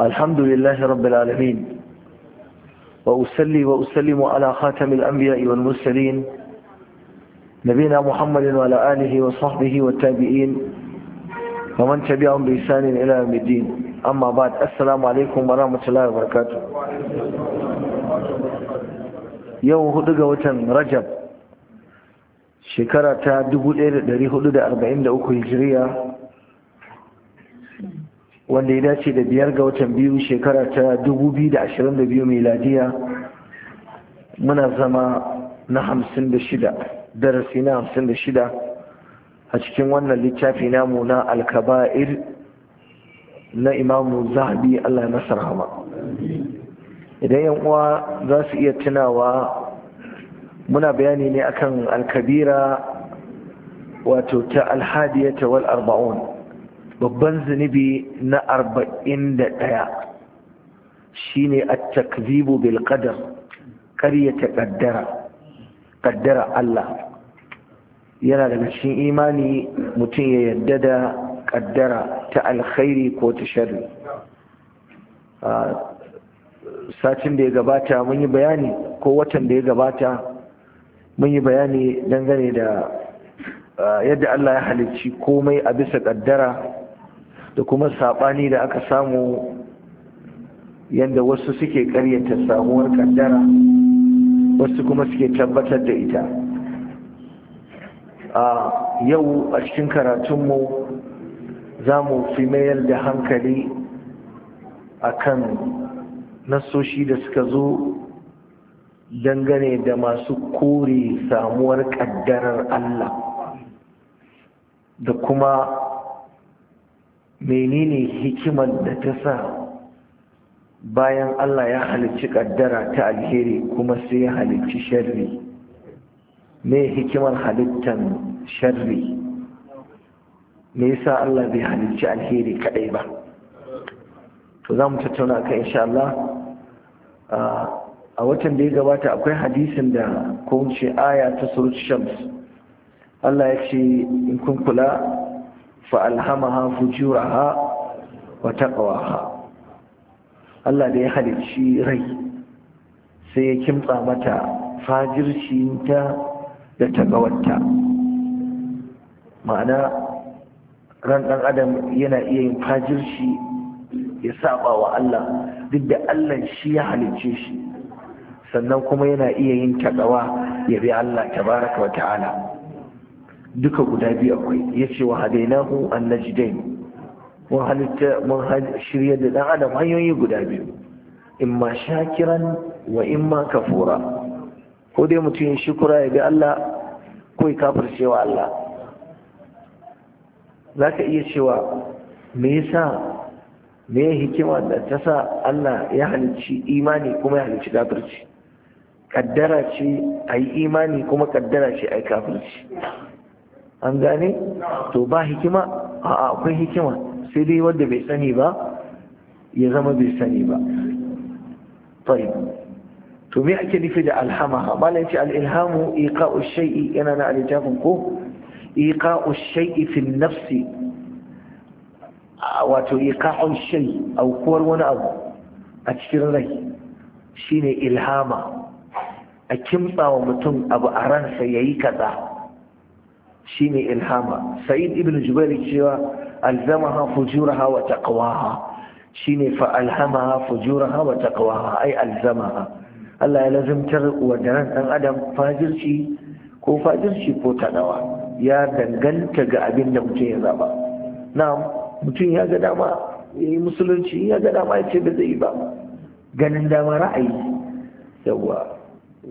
الحمد لله رب العالمين وأسلي وأسلم على خاتم الأنبياء والمرسلين نبينا محمد وعلى آله وصحبه والتابعين ومن تبعهم بإحسان إلى يوم الدين أما بعد السلام عليكم ورحمة الله وبركاته يوم هدق وتن رجب شكرة 1443 هجرية wanda ya dace da biyar ga watan biyu shekara ta 2022 meladiya muna zama na 56 darasi na 56 a cikin wannan littafi namu na alkaba'ir na imamu zahabi allah nasar hama idan yan uwa za su iya tunawa muna bayani ne akan alkabira wato ta alhadiyata wal arba'un babban zunubi na arba'in da ɗaya shi ne a takzibu bil ƙadar ƙaryata ƙaddara Allah yana daga cikin imani mutum ya yadda da ƙaddara ta alkhairi ko ta shari satin da ya gabata mun yi bayani ko watan da ya gabata mun yi bayani dangane da yadda Allah ya halicci komai a bisa ƙaddara da kuma saɓani da aka samu yadda wasu suke karyata samuwar kaddara wasu kuma suke tabbatar da ita a yau a cikin karatunmu za mu fi mayar da hankali a kan nasoshi da suka zo dangane da masu kore samuwar kaddarar Allah da kuma menene hikimar da ta sa bayan Allah ya halicci kaddara ta alheri kuma sai ya halicci sharri me hikimar halittan sharri me yasa Allah bai halicci alheri kadai ba to za mu tattauna kan insha Allah a watan da ya gabata akwai hadisin da ko ce aya ta surat shams Allah ya ce in kun kula fa'alhamaha fujuraha wa taqwaha Allah da ya halicci rai sai ya kimtsa mata fajircinta da tagawarta ma'ana ran ɗan adam yana iya yin fajirci ya saba wa Allah duk da Allah shi ya halicce shi sannan kuma yana iya yin tagawa ya bi Allah tabaraka wa ta'ala duka guda biyu akwai ya ce wa hadainahu an najidain mun halitta mun shirya da ɗan adam hanyoyi guda biyu In ma shakiran wa in ma kafura ko dai mutum ya shukura ya bi Allah ko ya kafar cewa Allah Za ka iya cewa me yasa me hikima da ta sa Allah ya halicci imani kuma ya halicci kafirci kaddara ce a yi imani kuma kaddara ce a yi kafirci an gane to ba hikima a akwai hikima sai dai wanda bai sani ba ya zama bai sani ba to me ake nufi da alhama malam ce al-ilhamu iqa'u yana na alitafin ko iqa'u shay'i fi nafsi wato iqa'u shay'i aukuwar wani abu a cikin rai shine ilhama a wa mutum abu a ransa yayi kaza Shi ne ilhama sa'id ibn jubair cewa alzamaha fujuraha wa taqwaha shine fa alhamaha fujuraha wa taqwaha ai alzamaha Allah ya lazimtar wa daren dan adam fajirci ko fajirci ko taɗawa. ya danganta ga abin da mutum ya zaba na'am mutum ya ga dama ya yi musulunci ya ga dama ya ce ba zai yi ba ganin dama ra'ayi yawa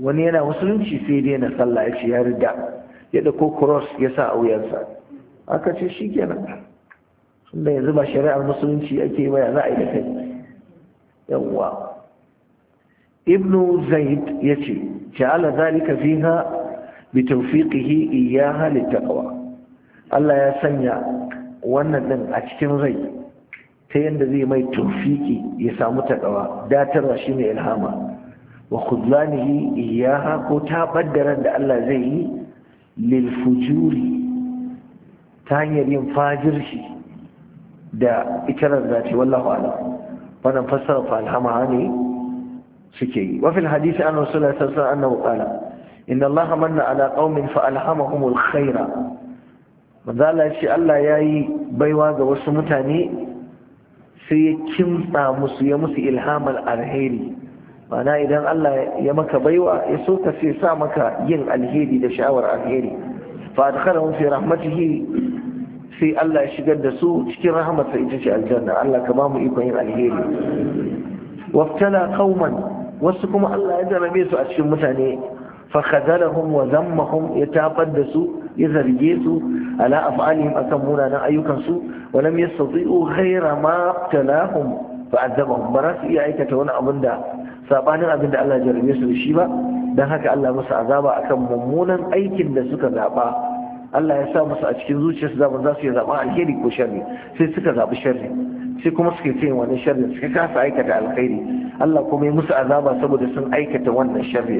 wani yana musulunci sai dai na sallah ya ce ya rida ya ɗauko cross ya sa a wuyansa aka ce shi kenan tunda yanzu ba shari'ar musulunci ake maya, za a yi da kai yawwa ibnu zaid ya ce ja'ala zalika fiha bi tawfiqihi iyyaha littaqwa Allah ya sanya wannan din a cikin rai ta yanda zai mai tawfiki ya samu taqwa datarwa shine ilhama wa khudlanihi iyyaha ko ta da Allah zai yi lilfujuri ta hanyar yin fajirci da ita rarrace wallahu ala wannan fassara falhama ne suke yi wafin hadisi an rasu da sassan annabu kala inda Allah manna ala qaumin fa alhamahumul khaira manzala shi Allah ya yi baiwa ga wasu mutane sai ya kimtsa musu ya musu ilhamar alheri mana idan Allah ya maka baiwa ya so ka sai sa maka yin alheri da sha'awar alheri fa adkhalahum fi rahmatihi sai Allah ya shigar da su cikin rahmatsa ita ce aljanna Allah ka ba mu ikon yin alheri waftala qauman wasu kuma Allah ya jarabe su a cikin mutane fa khadalahum wa zammahum ya tafar da su ya zarge su ala af'alihim akan munanan ayyukan su wa lam yastati'u ghayra ma talahum fa azabahum ba su iya aikata wani abin da sabanin abin da Allah jarrabe su da shi ba Don haka Allah musu azaba akan mummunan aikin da suka zaba Allah ya sa musu a cikin zuciyarsu zaban za su yi zaba alheri ko sharri sai suka zabi sharri sai kuma suke ce wannan sharri suka kasa aikata alkhairi Allah kuma ya musu azaba saboda sun aikata wannan sharri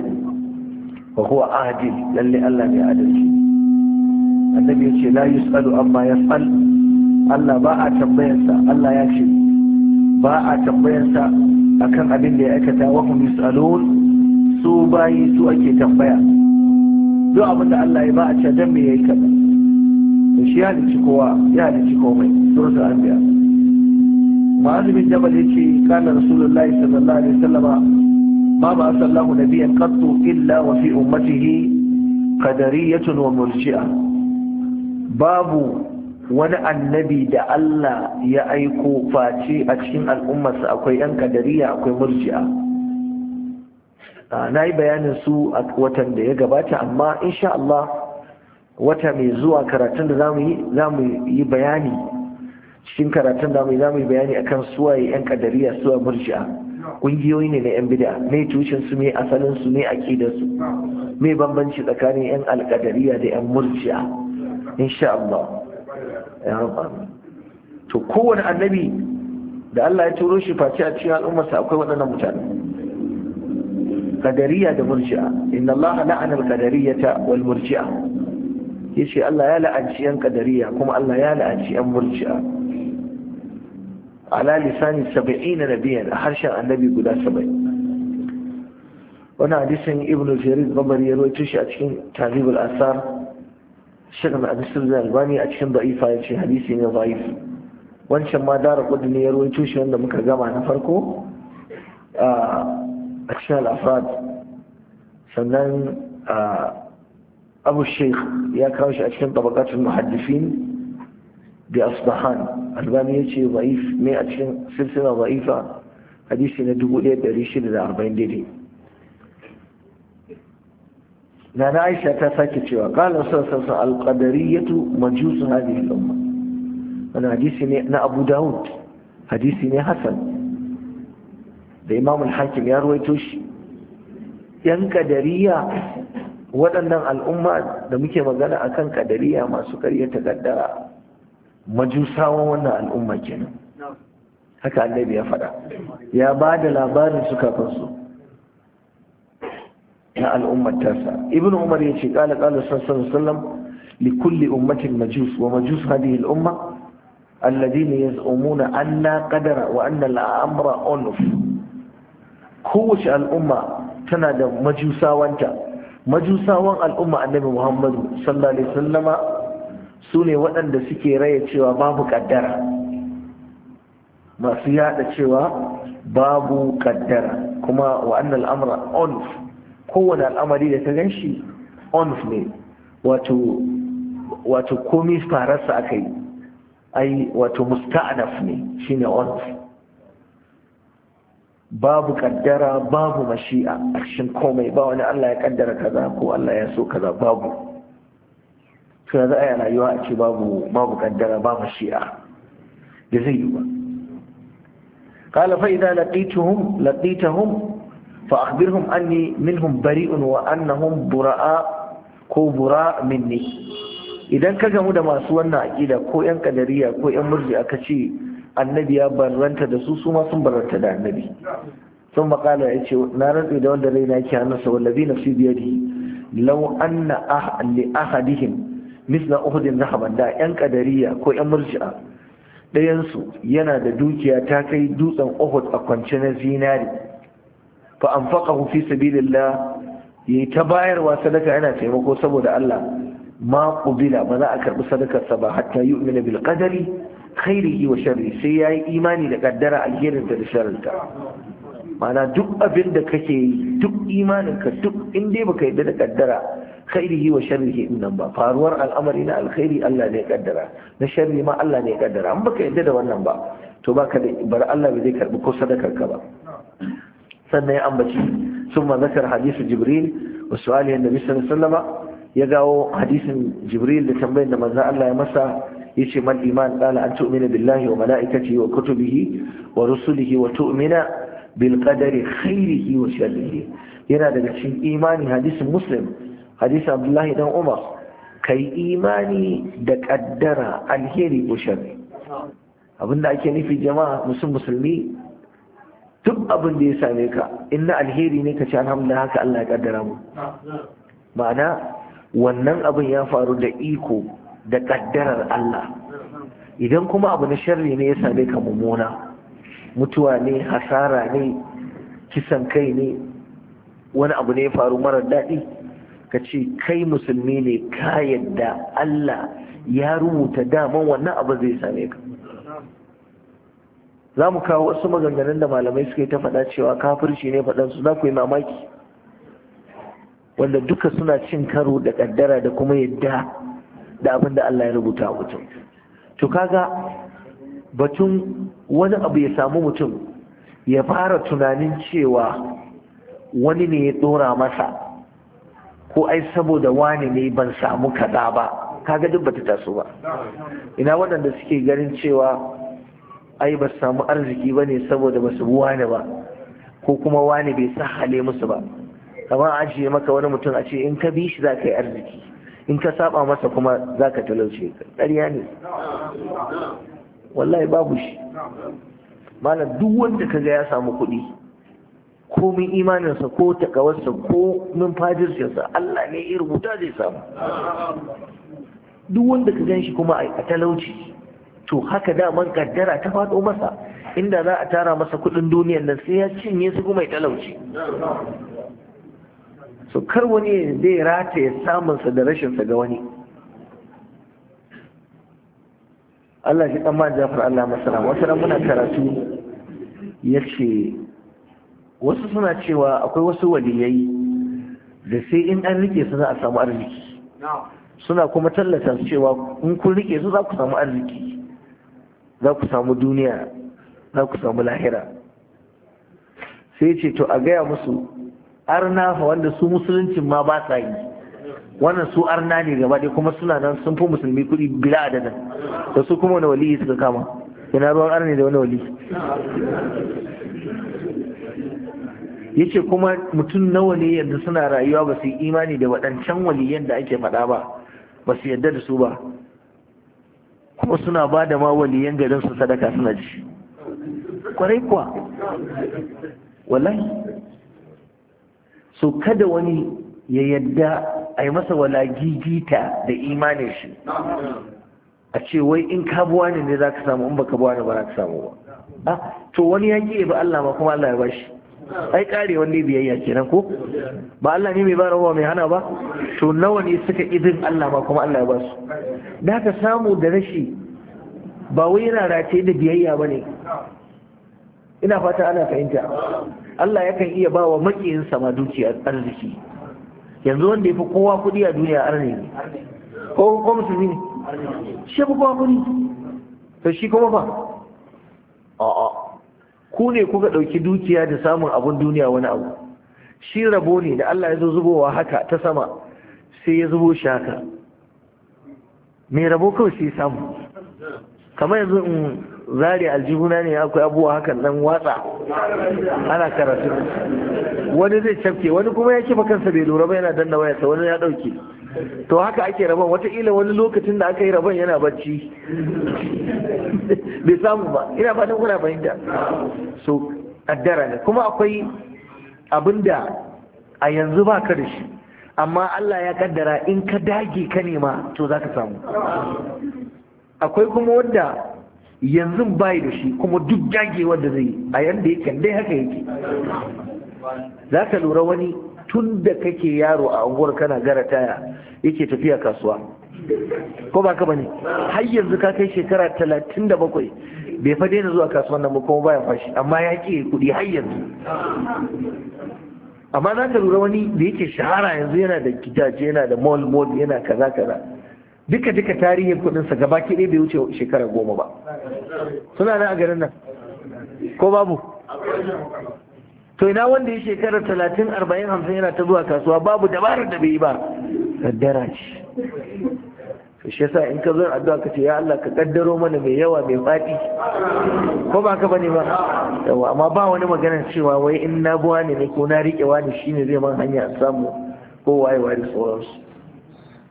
wa huwa adil lalle Allah mai adalci annabi ya ce la yusalu amma yasal Allah ba a tambayarsa Allah ya ce ba a tambayarsa akan abin da ya aikata wa hum yusalun su bayi su ake tambaya duk abin da Allah ya ba a ce dan me yayi kaza to shi ya halicci kowa ya halicci komai suratul anbiya ma'az bin jabal yace kana rasulullahi sallallahu alaihi wasallama ma ba sallahu nabiyyan qattu illa wa fi ummatihi qadariyatun wa murji'a babu wani annabi da Allah ya aiko face a cikin al'ummarsa akwai 'yan kadariya akwai murji'a ah, na yi bayanin su a watan da ya gabata amma insha Allah wata mai zuwa karatun da za mu yi bayani cikin karatun da za mu yi bayani akan suwaye 'yan kadariya suwa murji'a ƙungiyoyi ne na 'yan bida mai tushen su mai asalin su mai akidarsu mai bambanci tsakanin 'yan alkadariya da 'yan murji'a insha Allah ya rabba to kowane annabi da Allah ya turo shi face a cikin al'ummarsa akwai waɗannan mutane qadariya da murji'a inna Allah la'ana al-qadariyata wal murji'a yace Allah ya la'anci yan qadariya kuma Allah ya la'anci yan murji'a ala lisani 70 nabiyan harshen annabi guda 70 wani hadisin ibn jarir babari ya rawaito shi a cikin tazibul asar shirin abisir zai albani a cikin da'ifa ya ce hadisi ne da'if wancan ma dara kudu ne ya ruwaito shi wanda muka gama na farko a cikin al'afrad sannan abu sheikh ya kawo shi a cikin tabakatul muhaddisin da asbahan albani ya ce da'if ne a cikin silsila da'ifa hadisi na 1640 daidai na aisha ta sake cewa kala sassa alqadariyatu majusu hadhihi al-umma wannan hadisi ne na Abu Dawud hadisi ne Hassan da Imam al-Hakim ya ruwaito shi yan kadariya waɗannan al'umma da muke magana akan kadariya masu karyata gaddara majusawan wannan al'umma kenan haka annabi ya faɗa ya ba da labarin su kafin na al'ummar tasa ibn umar ya ce kala kala sallallahu alaihi li kulli ummatin majus wa majus hadhihi al'umma alladhina yaz'umuna anna qadara wa anna Amra unuf kowace al'umma tana da majusawanta majusawan al'umma annabi muhammadu sallallahu alaihi wasallama su ne waɗanda suke raya cewa babu kaddara masu yada cewa babu kaddara kuma wa annal amra unuf kowane al'amari da ta gan shi on ne wato komi fararsa aka yi ai wato musta'anaf ne ne on babu kaddara babu mashi'a a cikin komai ba wani Allah ya kaddara kaza ko Allah ya so kaza babu to yanzu a rayuwa a ce babu babu kaddara ba mashi'a da zai yi ba qala fa idza laqituhum فأخبرهم أني منهم بريء وأنهم براء كو براء مني إذا كجمو دا ما سوانا إذا كو ين قدرية كو ين مرجع كشي النبي برنت دسو سوما سن برنت دا النبي ثم قال يتشي نارد إذا ولد رينا يتشي أنسا والذي نفسي بيده لو أن أح... لأحدهم مثل أحد ذهبا دا ين قدرية كو ين مرجع ɗayansu yana da dukiya ta kai dutsen Uhud a kwance na zinari fa anfaqahu fi sabilillah yi ta bayarwa sadaka yana taimako saboda Allah ma qubila ba za a karbi sadakarsa ba hatta yu'mina bil qadari khairihi wa sharri sai yayi imani da kaddara alherinta da sharrinta mana duk abin da kake yi duk imaninka duk in dai baka yadda da kaddara khairihi wa sharrihi din nan ba faruwar al'amari na alkhairi Allah ne ya kaddara na sharri ma Allah ne ya kaddara an baka yadda da wannan ba to baka da bar Allah ba zai karbi ko sadakar ka ba sannan ya ambaci sun ma zakar hadisu jibril wa su'ali annabi sallallahu alaihi ya gawo hadisin jibril da tambayar da manzan Allah ya masa ce man iman qala an tu'mina billahi wa malaikaci wa kutubihi wa rusulihi wa tu'mina bil qadari khairihi wa sharrihi yana daga cikin imani hadisin muslim hadisi abdullahi dan umar kai imani da kaddara alheri ko sharri abinda ake nufi jama'a musulmi duk abin da ya same ka inna alheri ne ka ce alhamdulillah haka Allah ya kaddara mu ma'ana wannan abin ya faru da iko da kaddarar Allah idan kuma abu na sharri ne ya same ka mummuna mutuwa ne hasara ne kisan kai ne wani abu ne ya faru marar daɗi ka ce kai musulmi ne ka yadda Allah ya rubuta daman wannan abu zai same ka za mu kawo wasu maganganun da malamai suka yi ta faɗa cewa kafirci ne faɗansu za ku yi mamaki wanda duka suna cin karo da ƙaddara da kuma yadda da abin da Allah ya rubuta mutum to kaga batun wani abu ya samu mutum ya fara tunanin cewa wani ne ya ɗora masa ko ai saboda wani ne ban samu kaza ba kaga duk bata taso ba ina waɗanda suke ganin cewa ai ba samu arziki ba ne saboda ba su wani ba ko kuma wani bai sahale musu ba a ajiye maka wani mutum a ce in ka bi shi za ka yi arziki in ka saba masa kuma za ka talauce ƙarya ne wallahi babu shi malam duk wanda kaga ya samu kuɗi min imaninsa ko takawarsa ko min fajirsa Allah ne irin rubuta zai samu duk wanda ka gan shi kuma a talauci to haka daman kaddara ta faɗo masa inda za a tara masa kuɗin duniyan nan sai ya cinye su kuma ya talauci so kar wani zai rata ya sa da rashinsa ga wani Allah shi dan man jafar Allah masara, wasu ran muna karatu ya ce wasu suna cewa akwai wasu waliyai da sai in an rike su za a samu arziki suna kuma tallata cewa in kun rike su za ku samu arziki za ku samu duniya za ku samu lahira sai ce to a gaya musu arna fa wanda su musuluncin ma ba sa yi wannan su arna ne gaba dai kuma suna nan sun fi musulmi kuɗi bila adadin da su kuma wani waliyi suka kama ina ruwan arna da wani wali. Ya ce kuma mutum nawa ne yadda suna rayuwa ba su yi imani da waɗancan waliyan da ake faɗa ba ba su yadda da su ba kuma suna ba da ma yan garin su sadaka suna ji. kwarai kuwa wallahi so kada wani ya yadda a yi masa wala gigita da imanin shi a ce wai in ka buwa ne ne za ka samu in baka buwa ne ba za ka samu ba ah, to wani ya ba Allah ma kuma Allah ya bashi ai kare wanda biyayya kenan ko ba Allah ne mai ba rawa mai hana ba to nawa ne suka izin Allah ba kuma Allah ya ba su da ka samu da rashi ba wai rarace da biyayya ba ne ina fata ana fahimta Allah yakan iya ba wa makiyinsa ma dukiya arziki yanzu wanda ya fi kowa kuɗi a duniya arne ne ko ko musulmi ne shi fi kowa kuɗi to shi kuma ba a'a ku ne kuka ɗauki dukiya da samun abun duniya wani abu shi rabo ne da Allah ya zo zubowa haka ta sama sai ya zubo shi haka mai rabo kawai sai samu kamar yanzu in zari aljihuna ne akwai abuwa hakan nan watsa ana karatu wani zai cafke wani kuma ya kifa kansa bai lura ba yana danna wayarsa wani ya ɗauke to haka ake rabon wataƙila wani lokacin da aka yi rabon yana bacci bai samu ba ina ta kuna fahimta so addara ne kuma akwai abinda a yanzu ba ka da shi amma Allah ya kaddara in ka dage ka nema to za ka samu akwai kuma wanda yanzu bai da shi kuma duk dage wanda zai a yanda yake dai haka yake za ka lura wani tun da kake yaro a unguwar kana gara taya yake tafiya kasuwa ko ba ka bane har yanzu ka kai shekara talatin da bakwai bai fa daina zuwa kasuwan nan ba kuma baya fashi amma ya ke kuɗi har yanzu amma za ka lura wani da yake shahara yanzu yana da gidaje yana da mall mall yana kaza kaza duka duka tarihin kuɗinsa gaba ɗaya bai wuce shekara goma ba suna nan a garin nan ko babu to ina wanda ya shekara talatin arba'in hamsin yana ta zuwa kasuwa babu dabarar da bai yi ba kaddara ce to shi yasa in ka zo addu'a ka ce ya Allah ka kaddaro mana mai yawa mai faɗi ko ba ka bane ba yawa amma ba wani maganar cewa wai in na buwa ne ne ko na riƙe wani shine zai man hanya samu ko waye waye sauransu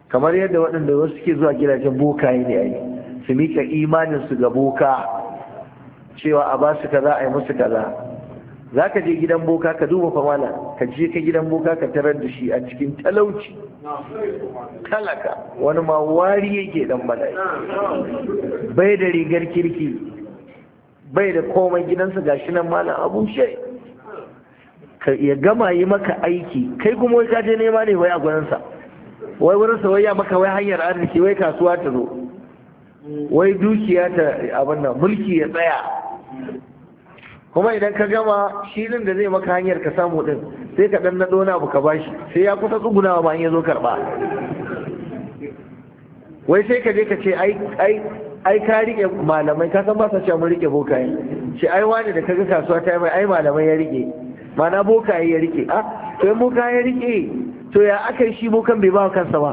kamar yadda waɗanda wasu suke zuwa gidajen yi ne ai su mika imanin su ga boka cewa a ba su kaza a yi musu kaza za ka je gidan boka ka duba famala ka je ka gidan boka ka tarar da shi a cikin talauci talaka wani ma wari yake dan bala'i bai da rigar kirki bai da komai gidansa shi nan malam abun shai ya gama yi maka aiki kai kuma wai ka je nema ne wai a gurinsa wai wurinsa wai ya maka wai hanyar arziki wai kasuwa ta zo wai dukiya ta abin nan mulki ya tsaya kuma idan ka gama shirin da zai maka hanyar ka samu din sai ka dan nado na abu ka bashi sai ya kusa tsugunawa ba in ya zo karba wai sai ka je ka ce ai ai ai ka rike malamai ka san ba sa cewa mun rike bokaye ce ai wani da kaga kasuwa ta mai ai malamai ya rike mana bokaye ya rike ah to ka ya rike to ya akai shi bokan bai ba kansa ba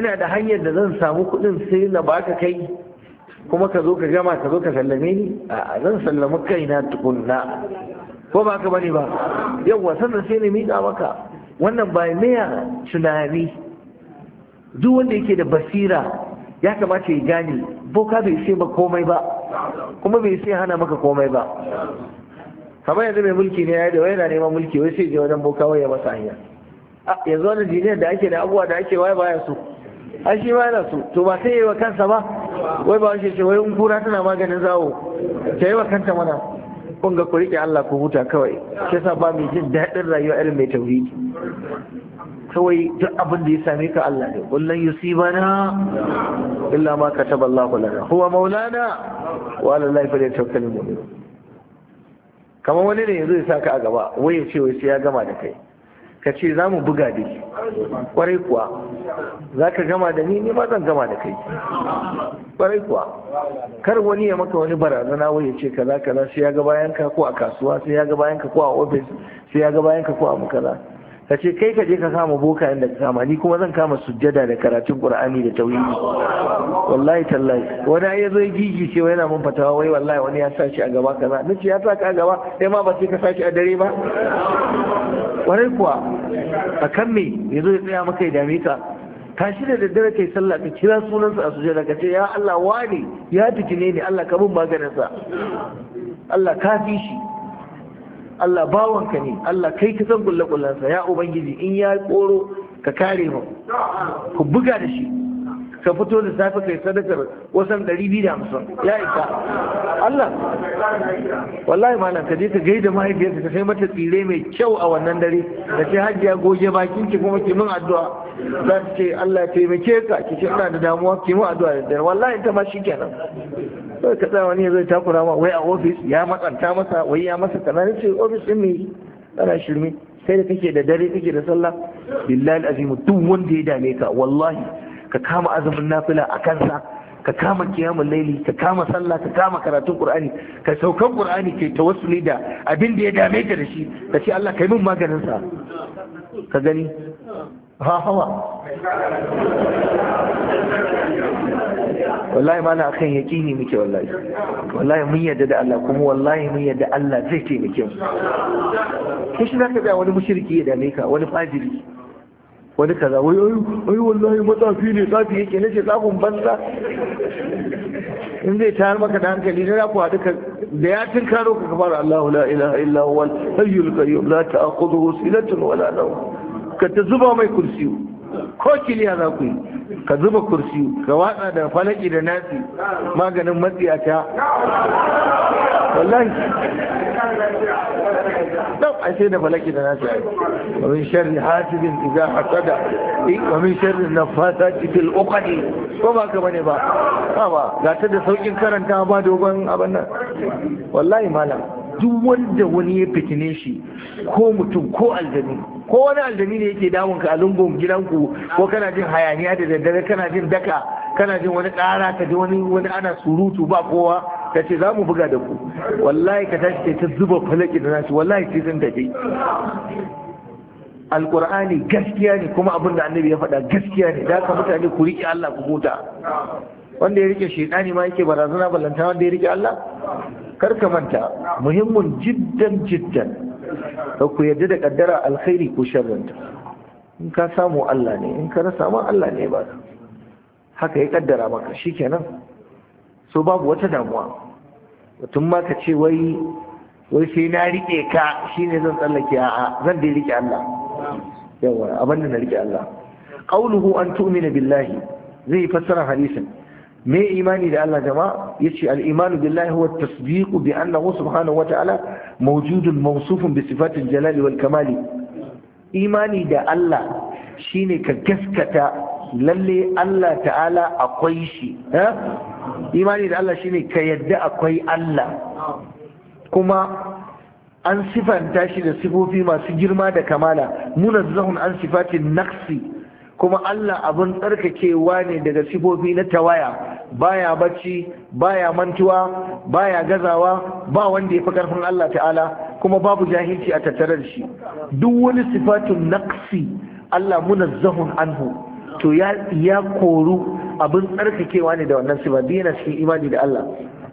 ina da hanyar da zan samu kuɗin sai na baka kai kuma ka zo ka gama ka zo ka sallame ni a zan sallama kaina tukunna ko ba ka bane ba yawwa sannan sai na miƙa maka wannan ba maya tunani duk wanda yake da basira ya kamata ya gane boka bai sai ba komai ba kuma bai sai hana maka komai ba kamar yanzu mai mulki ne ya da "Wai yana neman mulki wai sai je wajen boka wai ya masa hanya yanzu wani jiniyar da ake da abubuwa da ake waye baya so a shi ma yana so to ba sai yi wa kansa ba wai ba shi ce wai in kura tana maganin zawo ta yi wa kanta mana kun ga ku riƙe Allah ku huta kawai shi yasa ba mai jin daɗin rayuwa irin mai tauhidi kawai duk abin da ya same ka Allah ne kullun yusibana illa ma kataba Allahu lana huwa maulana wa ala Allah mu. kamar wani ne yanzu ya saka a gaba wai ya ce wai sai ya gama da kai ka ce za mu buga dai kwarai kuwa za ka gama da ni ni ma zan gama da kai kwarai kuwa kar wani ya maka wani barazana wai ya ce kaza kaza sai ya ga bayan ka ko a kasuwa sai ya ga bayan ka ko a ofis sai ya ga bayan ka ko a makala ka ce kai ka je ka kama boka inda ka kama ni kuma zan kama sujjada da karatun qur'ani da tauhidi wallahi tallahi wani ya zo gigi ce yana mun fatawa wai wallahi wani ya sa shi a gaba kaza nace ya sa ka a gaba sai ma ba sai ka sa shi a dare ba kwarai kuwa a kan me ya zo ya tsaya maka ya dame ka tashi da daddare kai sallah ka kira sunansa a suje ka ce ya Allah wani ya fitine ne Allah ka bin maganinsa Allah ka fi shi Allah bawanka ne Allah kai ka san gulle ya ubangiji in ya koro ka kare mu ku buga da shi ka fito da safe kai sadakar wasan 250 ya isa Allah wallahi malam ka je ka gaida mahaifiyarka ka kai mata tsire mai kyau a wannan dare ka ce hajiya goge bakin ki kuma ki mun addu'a za ta ce Allah taimake ka ki ce ina da damuwa ki mun addu'a da dare wallahi ta ma shikenan sai ka tsaya wani zai takura ma wai a ofis ya matsanta masa wai ya masa kana ce ofis din me kana shirme sai da kake da dare kake da sallah billahi azimu duk wanda ya dame ka wallahi ka kama azumin nafila a kansa ka kama kiyamun laili ka kama sallah ka kama karatun qur'ani ka saukan qur'ani ke tawassuli da abin da ya dame ka da shi ka ce Allah kai min maganin sa ka gani ha hawa wallahi mana akan yaqini muke wallahi wallahi mun yadda da Allah kuma wallahi mun yadda Allah zai taimake mu kishi zaka ga wani mushriki ya dame ka wani fajiri wani kaza wai wai wallahi matsafi ne tsafi yake nace tsafin banza in zai tayar maka da hankali na ku haɗu da ya tun karo ka kamar Allahu la ilaha illa huwa al-hayyul qayyum la ta'khudhuhu sinatun wala nawm ka ta zuba mai kursiyu ko kiliya za ku yi ka zuba kursi ka watsa da falaki da nasi maganin matsiyata wallahi dan ce da falaki da nasi wa min sharri hasidin idza hasada wa min sharri nafasati fil uqad ko ba ka bane ba ba ga ta da saukin karanta ba dogon abin nan wallahi malam duk wanda wani ya fitine shi ko mutum ko aljani ko wani aljani ne yake damun ka a lungun gidanku ko kana jin hayaniya da daddare kana jin daka kana jin wani ƙara ka ji wani wani ana surutu ba kowa ka ce za mu buga da ku wallahi ka tashi ta zuba falaki da nasu wallahi sai sun tafi alƙur'ani gaskiya ne kuma abin da annabi ya faɗa gaskiya ne da haka mutane ku riƙe Allah ku huta wanda ya rike shekani ma yake barazana ballanta wanda ya rike Allah karka manta muhimmin jiddan jiddan ku yarda da kaddara alkhairi ko sharranta in ka samu Allah ne in ka rasa ma Allah ne ba haka ya kaddara maka shi shikenan so babu wata damuwa mutum ma ka ce wai sai na rike ka shine zan tsallake a'a zan ya rike Allah yawa abinda na rike Allah qauluhu an tu'mina billahi zai fassara hadisin me imani da Allah jama'a yace al-imanu billahi huwa at-tasdiqu bi annahu subhanahu wa ta'ala mawjudun mawsufun bi sifatil jalali wal kamali imani da Allah shine ka gaskata lalle Allah ta'ala akwai shi imani da Allah shine ka yadda akwai Allah kuma an sifanta shi da sifofi masu girma da kamala munazzahun an sifatin naqsi kuma Allah abin tsarkakewa ne daga sifofi na tawaya baya bacci baya mantuwa baya gazawa ba wanda ya fi karfin Allah ta'ala kuma babu jahilci a tattare da shi duk wani sifatun naqsi Allah munazzahun anhu to ya koru abin tsarkakewa ne da wannan sifa dina cikin imani da Allah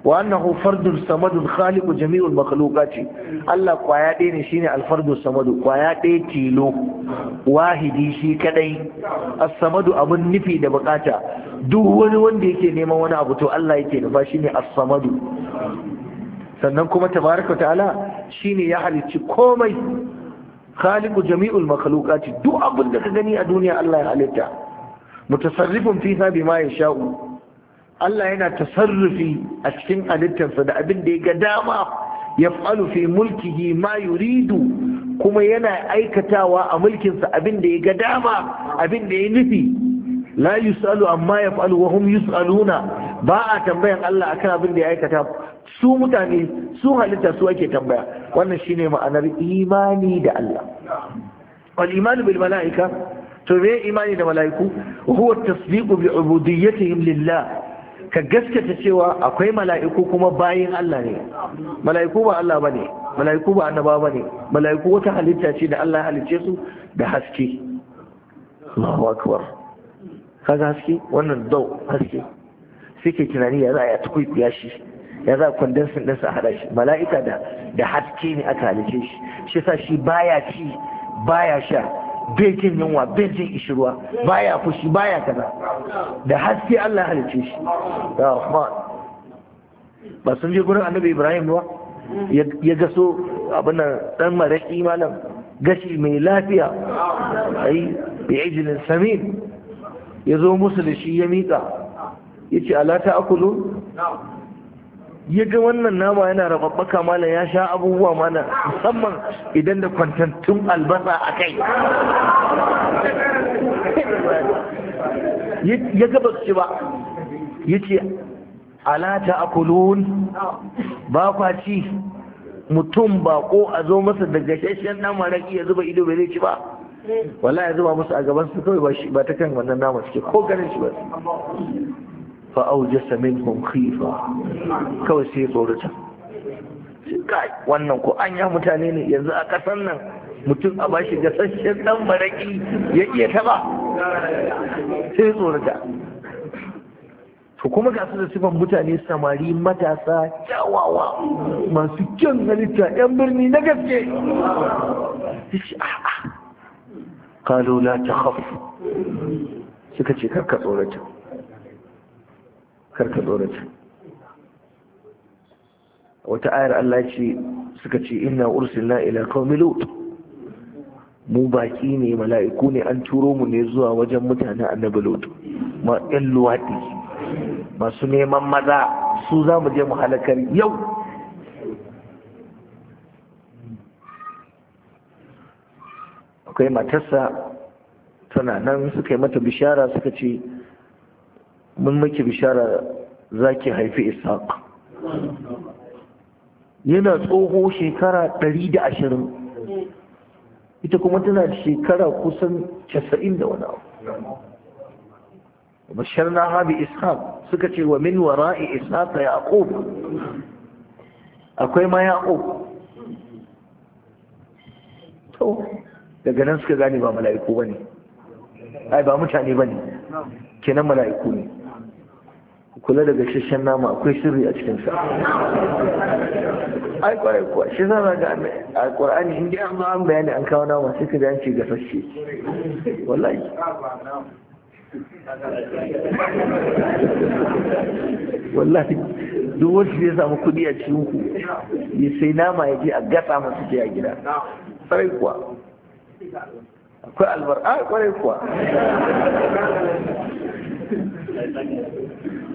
wa annahu fardul samadul khaliqu jami'ul makhluqati Allah kwaya ɗaya ne shine alfardu samadu kwaya ɗaya tilo wahidi shi kadai as-samadu abun nufi da bukata duk wani wanda yake neman wani abu to Allah yake nufa shine as-samadu sannan kuma tabaraka ta'ala shine ya halicci komai khaliqu jami'ul makhluqati duk abun da ka gani a duniya Allah ya halitta mutasarrifun fiha bima yasha'u Allah yana tasarrufi a cikin halittarsa da abin da ya ga dama ya fi mulkihi ma yuridu kuma yana aikatawa a mulkinsa abin da ya ga dama abin da ya nufi la yusalu amma ya fa'alu hum yusaluna ba a tambayan Allah akan abin da ya aikata su mutane su halitta su ake tambaya wannan shine ma'anar imani da Allah wal imanu bil mala'ika to me imani da mala'iku huwa tasdiqu bi ubudiyyatihim lillah ka gaskata cewa akwai mala'iku kuma bayin Allah ne mala'iku ba Allah bane mala'iku ba annaba bane mala'iku wata halitta ce da Allah halicce su da haske Allahu akbar kaga haske wannan dau haske sai ke tunani ya za a ta kuikuya shi ya za a kwandansin ɗinsa a haɗa shi mala'ika da da haske ne aka halice shi shi sa shi baya ci baya sha bai jin yunwa bai jin ishirwa baya fushi baya kaza da haske Allah halice shi ya rahman ba sun je gurin annabi ibrahim ba ya gaso abin dan maraƙi malam gashi mai lafiya ai bi ajlin samin ya zo musu da shi ya miƙa yace ala ta'kulu ya ga wannan nama yana rababbaka mala ya sha abubuwa mana musamman idan da kwantattun albasa a kai ya gaba su ba ya ce alata akulun ba kwaci mutum mutum bako a zo masa da gashashen nama na iya zuba ido bai zai ci ba wala ya zuba musu a gaban kawai ba ta kan wannan nama suke ko ganin shi ba fa'aujasa minhum khifa kawai sai tsorata kai wannan ko an ya mutane ne yanzu a kasan nan mutum a bashi gasasshen dan baraki ya iya taba sai tsorata to kuma ga su da sifan mutane samari matasa kyawawa masu kyan halitta yan birni na gaske قالوا لا تخف suka ce karka tsorata karka tsorata wata ayar Allah ce suka ce inna ursilna ila qaumi lut mu baki ne mala'iku ne an turo mu ne zuwa wajen mutane annabi lut ma ɗan luwaɗi masu neman maza su za mu je mu halakar yau akwai matarsa tana nan suka yi mata bishara suka ce mun maki bishara za ki haifi isaq yana tsoho shekara 120 ita kuma tana da shekara kusan 90 da wani abu bashar na habi isaq suka ce wa min wara'i isaq ya yaqub akwai ma yaqub to daga nan suka gane ba mala'iku bane ai ba mutane bane kenan mala'iku ne kula da gashashen nama akwai sirri a cikinsa ai kwarai kuwa shi zama ga a ƙwar'ani in dai amma an bayani an kawo nama sai ka ga an ce gasashe wallahi wallahi duk wanda zai samu kuɗi a cikin ku ya sai nama ya je a gasa masu ce a gida kwarai kuwa akwai albar'a kwarai kuwa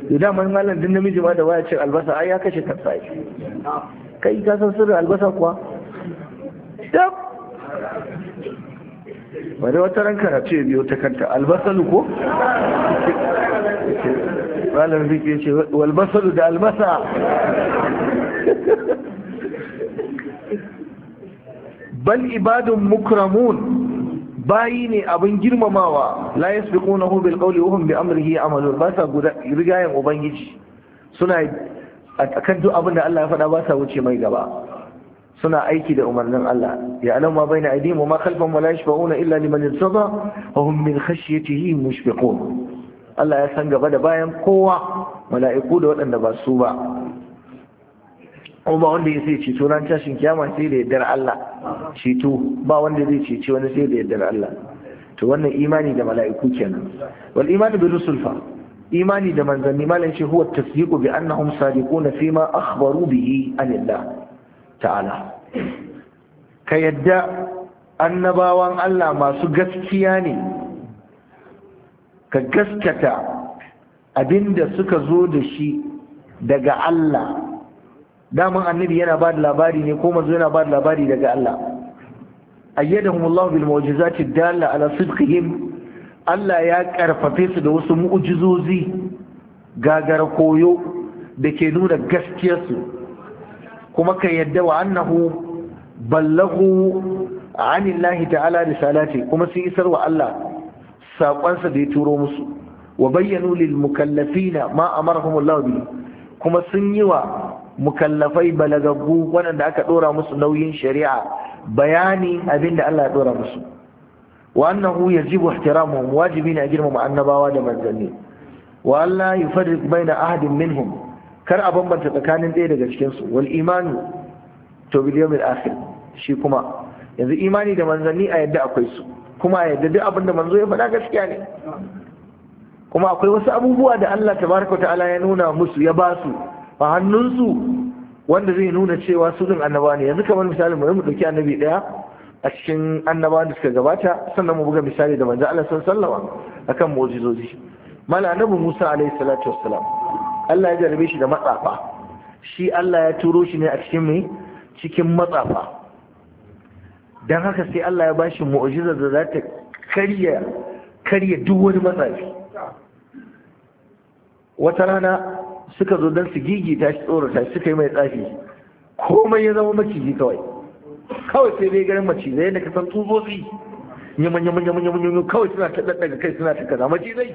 to da man malam din namiji ma da waya cin albasa ai ya kashe kansa ai kai ka san sirrin albasa kuwa dab bari wata ran karace ya biyo ta kanta albasalu ko malam zai ke ce walbasalu da albasa bal ibadun mukramun bayi ne abin girmamawa la yasbiqunahu bil qawli wa hum bi amrihi amalun ba sa guda rigayen ubangiji suna a kan duk abin da Allah ya faɗa ba sa wuce mai gaba suna aiki da umarnin Allah ya alama baina aydihim wa ma khalfahum wa la yashfa'una illa liman irtada wa hum min khashyatihi mushfiqun Allah ya san gaba da bayan kowa mala'iku da waɗanda ba su ba kuma ba wanda ya sai ceto ran tashin kiyama sai da yardar Allah ceto ba wanda zai cece wani sai da yardar Allah to wannan imani da mala'iku kenan wal imani bi rusul fa imani da manzanni malan shi huwa tasdiqu bi annahum sadiquna fima akhbaru bihi anillah ta'ala ka yadda annabawan Allah masu gaskiya ne ka gaskata abinda suka zo da shi daga Allah daman annabi yana ba da labari ne ko manzo yana ba da labari daga Allah ayyadahum Allah bil mu'jizati dalla ala sidqihim Allah ya karfafe su da wasu mu'jizozi gagara koyo da ke nuna gaskiyarsu kuma ka yadda wa annahu ballahu anillahi ta'ala risalati kuma sun isar wa Allah saƙonsa da ya turo musu wa bayyanu lil mukallafina ma amarahum Allah kuma sun yi wa mukallafai balagaggu wadanda aka ɗora musu nauyin shari'a bayani abinda Allah ya ɗora musu wa annahu yajibu ihtiramuhum wajibi ne a girmama annabawa da manzanni wa Allah yufarriq baina ahadin minhum kar a bambanta tsakanin ɗaya daga cikin su wal imanu to bil yawmil akhir shi kuma yanzu imani da manzanni a yadda akwai su kuma a yadda duk abinda manzo ya faɗa gaskiya ne kuma akwai wasu abubuwa da Allah tabaraka ta'ala ya nuna musu ya ba su a hannunsu wanda zai nuna cewa su din annaba ne yanzu kamar misali mu ɗauki annabi ɗaya a cikin annaba da suka gabata sannan mu buga misali da manzo Allah sallallahu akan mu'jizozi mala annabi Musa alaihi salatu wassalam Allah ya jarabe shi da matsafa shi Allah ya turo shi ne a cikin mai cikin matsafa dan haka sai Allah ya bashi mu'jizar da za ta karya karya duk wani matsafi wata rana suka zo don su ta shi tsorata suka yi mai tsafi komai ya zama maciji kawai kawai sai dai garin macizai yadda kasan tsutsotsi yaman yaman yaman yaman yaman kawai suna ta daddaga kai suna ta kaza zai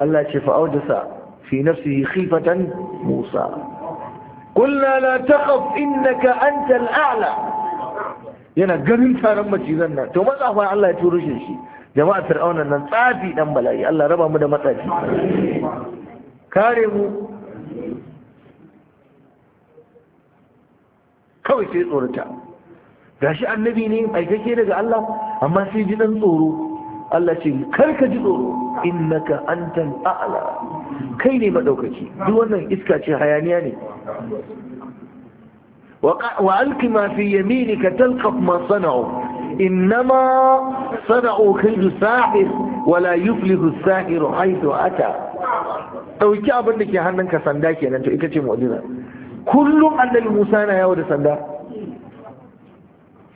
Allah ce fa aujasa fi nafsihi khifatan Musa qulna la takhaf innaka antal a'la yana garin taron macizan nan to maza fa Allah ya turo shi jama'a fir'aunan nan tsafi dan bala'i Allah raba mu da matsafi kare mu kawai sai tsorata gashi annabi ne aikake daga Allah amma sai ji dan tsoro Allah ce kar ka ji tsoro innaka antal a'la kai ne madaukaki duk wannan iska ce hayaniya ne wa alqi ma fi yaminika talqaf ma sana'u innama sana'u kaidu sahir wala yuflihu sahiru haitu ata dauki abin da ke hannunka sanda kenan to ita ce mu'jiza kullum annabi Musa na yawo da sanda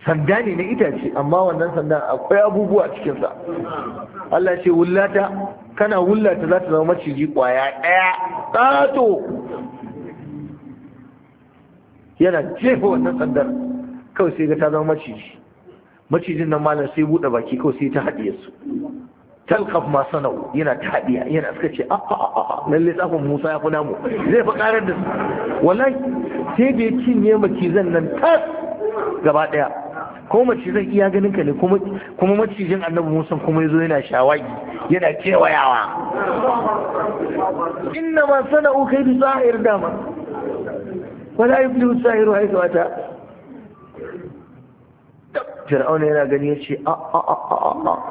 sanda ne na itace amma wannan sandan akwai abubuwa cikinsa Allah ce wullata kana wullata za ta zama maciji kwaya ɗaya tsato yana cefa wannan sandar kawai sai ga ta zama maciji macijin nan malam sai buɗe baki kawai sai ta haɗiye su talqaf ma sanau yana ta haɗiya yana suka ce a a a lalle tsafin Musa ya fi namu zai fa karar da su wallahi sai da ya cinye macijin nan tas gaba ɗaya kuma macijin iya ganin ka ne kuma macijin annabi Musa kuma ya zo yana shawagi yana kewayawa inna ma sana'u kai bi zahir dama wala yubdu sahiru haythu ata fir'auna yana gani ya ce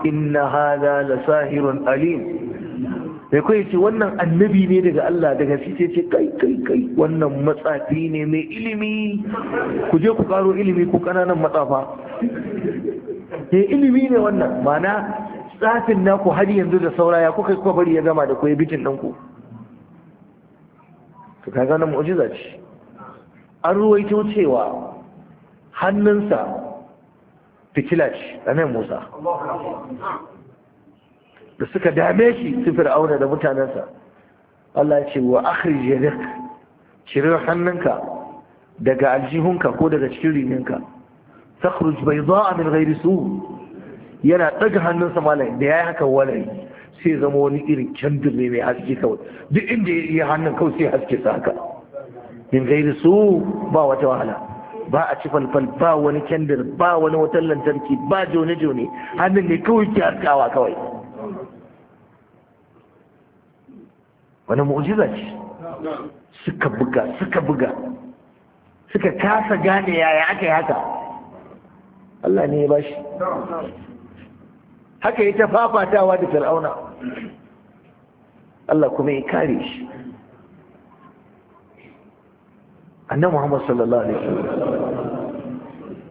inna hada la sahirun alim sai kai ce wannan annabi ne daga Allah daga shi sai ce kai kai kai wannan matsafi ne mai ilimi ku je ku karo ilimi ku kananan matsafa eh ilimi ne wannan mana tsafin naku har yanzu da sauraya kuka kuka bari ya gama da ku ya bitin ɗanku to kaga nan mu'jiza ce an ruwaito cewa hannunsa Fitilaj ce Musa da suka dame shi su fir'auna da mutanensa Allah ya ce wa akhrij yadak cire hannunka daga aljihunka ko daga cikin rininka takhruj bayda'a min ghairi su yana daga hannunsa malai da yayi haka walai sai zama wani irin kyandir ne mai haske kawai duk inda ya hannun kawai sai haske sa haka min ghairi su ba wata wahala ba a ci falfal ba wani kendir ba wani wutar lantarki ba jone-jone hannun ne kawai ke harkawa kawai wani mu'jiza ce suka buga suka buga suka kasa gane yaya aka yi haka Allah ne ya bashi haka ya ta fafatawa da fir'auna Allah kuma ya kare shi annan muhammad sallallahu alaihi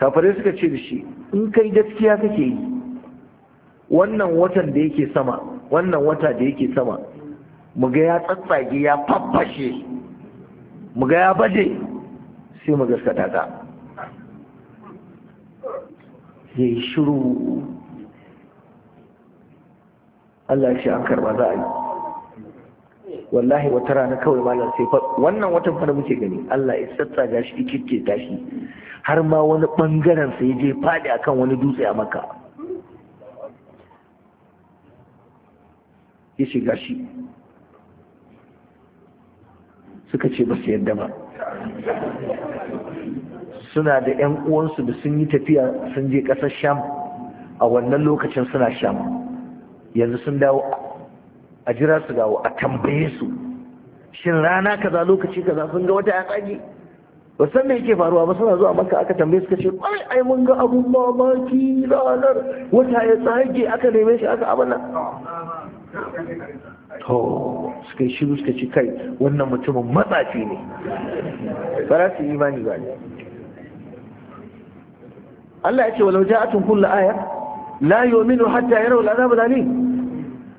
kafare suka ce da shi in kai gaskiya kake yi wannan watan da yake sama wannan wata da yake sama muga ya tsatsage ya faffashe muga ya bade sai mu gaskata ka ya yi shiru Allah shi an karba za a yi wallahi wata rana kawai malam sai fa wannan wata fara muke gani Allah ya satsa gashi kike tashi har ma wani bangaren sa je fadi akan wani dutse a maka? ya gashi suka ce ba su yadda ba suna da 'yan uwansu da sun yi tafiya sun je kasar sham a wannan lokacin suna sham yanzu sun dawo a jira su gawo a tambaye su shin rana kaza lokaci kaza sun ga wata ya tsage ba san me yake faruwa ba suna zuwa maka aka tambaye suka ce ai ai mun ga abun mamaki ranar wata ya tsage aka neme shi aka abana to suka yi shiru suka ce kai wannan mutumin matsafi ne ba za su yi imani ba ne Allah ya ce walau ja'atun kullu aya la yu'minu hatta yarawul al alim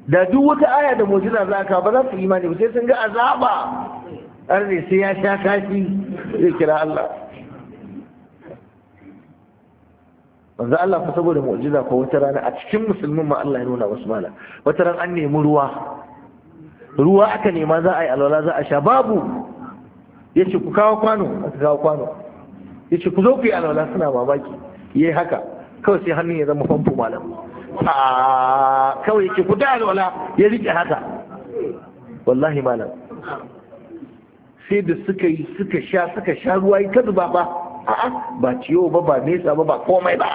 da duk wata aya da mujina za ka ba za su imani ba sai sun ga azaba ne sai ya sha kashi zai kira Allah manzo Allah fa saboda mu'jiza ko wata rana a cikin musulmin ma Allah ya nuna wasu mala wata ran an nemi ruwa ruwa aka nema za a yi alwala za a sha babu yace ku kawo kwano aka kawo kwano yace ku zo ku yi alwala suna mamaki yayi haka kawai sai hannun ya zama famfo malam kawai ke ku da alwala ya rike haka wallahi malam sai da suka yi suka sha suka sha ruwa yi kadu zuba ba a'a ba ciyo ba ba nesa ba ba komai ba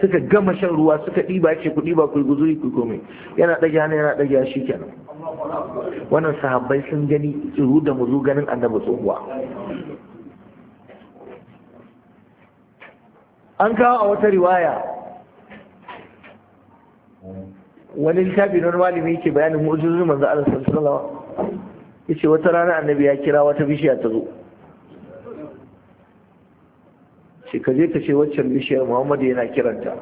suka gama shan ruwa suka ɗiba ce ku ɗiba ku guzuri ku komai yana ɗage hannu yana ɗage shi kenan wannan sahabbai sun gani tsuru da muzu ganin annabi tsohuwa an kawo a wata riwaya wani littafi na mai yake bayanin mu'jizun manzo Allah sallallahu alaihi yace wata rana annabi ya kira wata bishiya ta zo ce ka je ka ce waccan bishiyar Muhammadu yana kiranta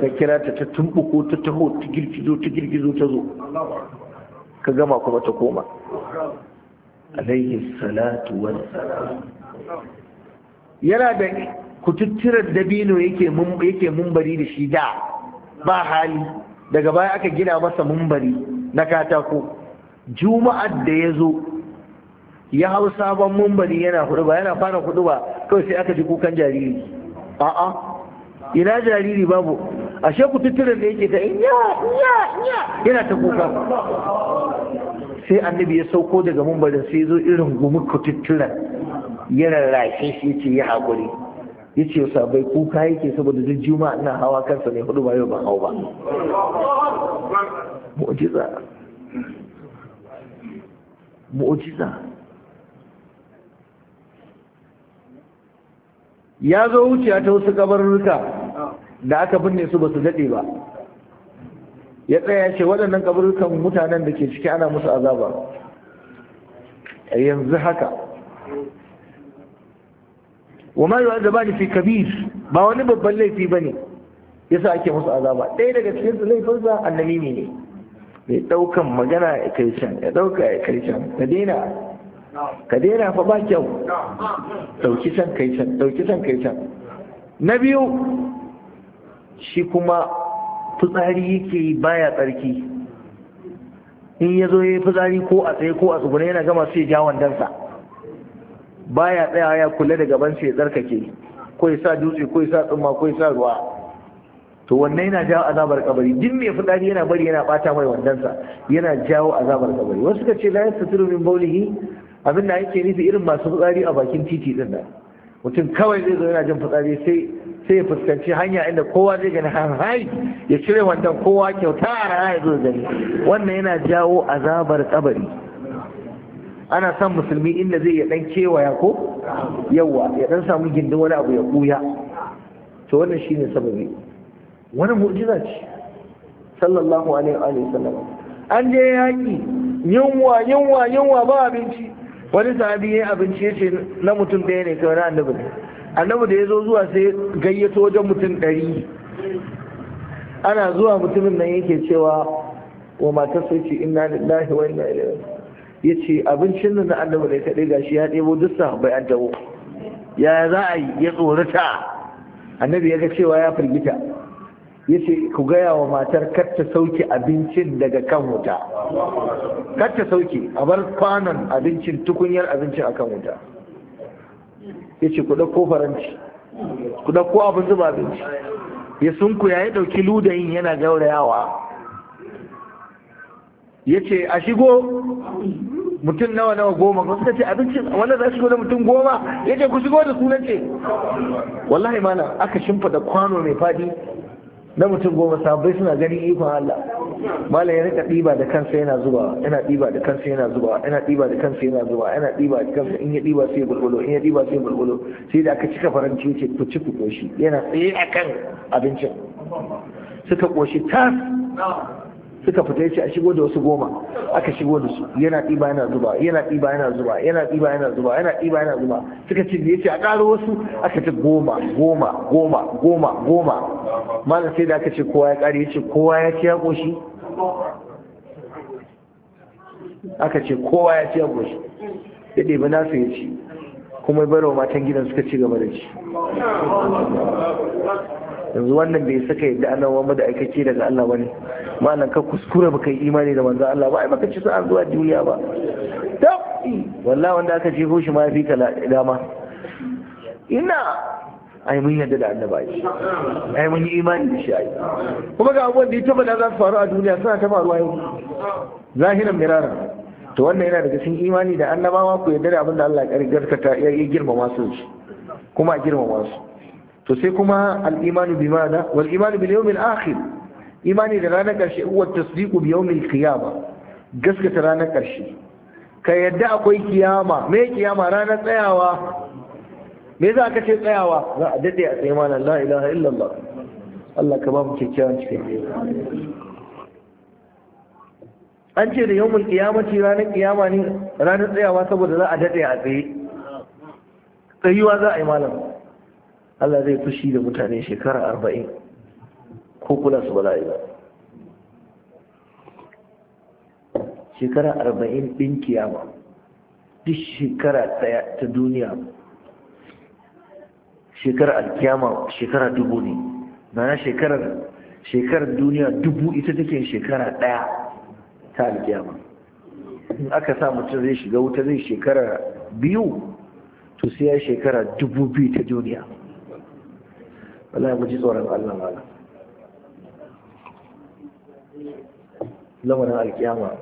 ka kira ta ta tumbuko ta taho ta girgizo ta girgizo ta zo ka gama kuma ta koma alaihi salatu wani. yana da kututturar dabino yake mumbari da shi da ba hali daga baya aka gina masa mumbari na katako juma'ar da ya zo ya hau sabon mumbari yana hudu ba yana fara hudu ba kawai sai aka ji kukan jariri a'a ina jariri babu ashe sheku tuturin da yake ta inya inya inya yana ta kuka sai annabi ya sauko daga mumbarin sai zo irin gumi tuturin yana rashin shi ce ya haƙuri ya ce sabai kuka yake saboda zai juma'a ina hawa kansa ne hudu ba yau ban hau ba mu'jiza mu'jiza ya zo wuciya ta wasu kabarurruka da aka binne su ba su daɗe ba ya tsaya ce waɗannan kabarurrukan mutanen da ke ciki ana musu azaba yanzu haka wa ma yu'adzabani fi kabir ba wani babban laifi bane yasa ake musu azaba ɗaya daga cikin su laifin sa annamimi ne mai daukan magana ya kai ya dauka ya kai ka daina ka daina fa ba kyau dauki san kai can dauki kai na biyu shi kuma fitsari yake baya tsarki in ya zo ya yi fitsari ko a tsaye ko a tsugune yana gama sai ja dansa. baya tsayawa ya kula da gaban sai tsarkake ko ya sa dutse ko ya sa tsumma ko ya sa ruwa to wannan yana jawo azabar kabari duk mai fitsari yana bari yana bata mai wandansa yana jawo azabar kabari wasu ka ce la yastatiru min bawlihi abin da yake nufi irin masu fitsari a bakin titi din nan mutum kawai zai zo yana jin fitsari sai sai ya fuskanci hanya inda kowa zai gani hai ya cire wannan, kowa kyauta a rana ya zo gani wannan yana jawo azabar kabari ana son musulmi inda zai ya dan kewaya ko yawa ya dan samu gindin wani abu ya buya to wannan shine sababi wani mu'jiza ce sallallahu alaihi wa sallam an je yaki yunwa yunwa yunwa ba abinci wani sahabi yayin abinci yace na mutum ɗaya ne kawai na annabi annabi da ya zo zuwa sai gayyato wajen mutum ɗari ana zuwa mutumin nan yake cewa wa matar sai ce inna lillahi wa inna ilaihi ya ce abincin nan na annabi ne kaɗai gashi ya ɗebo duk bai an taho yaya za a yi ya tsorata annabi ya ga cewa ya firgita ya ce ku gaya wa matar kar ta sauke abincin daga kan wuta kar ta sauke a bar kwanon abincin tukunyar abincin a kan wuta ya ce ku ɗauko faranci ku ɗauko abin zuba abinci ya sunku ya yi ɗauki ludayin yana gaurayawa ya ce a shigo mutum nawa nawa goma ko suka ce abincin wanda za shigo da mutum goma ya ce ku shigo da su ce wallahi mana aka shimfida kwano mai fadi na mutum goma sabai suna ganin ikon Allah malam ya rika ɗiba da kansa yana zuba yana ɗiba da kansa yana zuba yana ɗiba da kansa yana zuba yana ɗiba da kansa in ya ɗiba sai bulbulo in ya ɗiba sai bulbulo sai da aka cika faranci ce ku ci ku koshi yana tsaye akan abincin suka koshi tas suka fita ya ce a shigo da wasu goma aka shigo da su yana ɗiba yana zuba yana ɗiba yana zuba yana ɗiba yana zuba yana ɗiba yana zuba suka ce da ya ce a ƙaro wasu aka ce goma goma goma goma goma malam sai da aka ce kowa ya ƙare ya ce kowa ya ci ya ƙoshi aka ce kowa ya ci ya ƙoshi ya ɗebi nasu ya ci kuma ya bar wa matan gidan suka ci gaba da ci yanzu wannan bai saka yadda annabi Muhammad aikace daga Allah bane malan ka kuskura baka yi imani da manzo Allah ba ai baka ci sa'an zuwa duniya ba tabbi wallahi wanda aka jefo shi ma fi kala dama ina ai mun yadda da annabi ai mun yi imani da shi ai kuma ga abubuwan da ya taba da za su faru a duniya suna ta faruwa yau zahiran mirara to wannan yana daga cikin imani da annabawa ku yadda da abin da Allah ya garkata ya girmama su kuma a girmama su to sai kuma al bi bima da wal imanu bil yawmil akhir imani da ranar karshe huwa tasdiqu bi yawmil qiyamah gaskata ranar karshe ka yadda akwai kiyama me kiyama ranar tsayawa me za ka ce tsayawa za a dade a tsaye mana la ilaha illallah Allah ka ba mu kyakkyawan cikin an ce da yawmul qiyamati ranar kiyama ne ranar tsayawa saboda za a dade a tsaye tsayuwa za a yi malam Allah zai fushi da mutane shekara arba'in ko kula su bala'i ba shekara arba'in ɗin kiyama duk shekara ɗaya ta duniya shekara alkiyama shekara dubu ne mana shekarar shekarar duniya dubu ita take shekara ɗaya ta alkiyama in aka sa mutum zai shiga wuta zai shekara biyu to sai ya shekara dubu biyu ta duniya Allah ya tsoron Allah mana lamarin alkiyama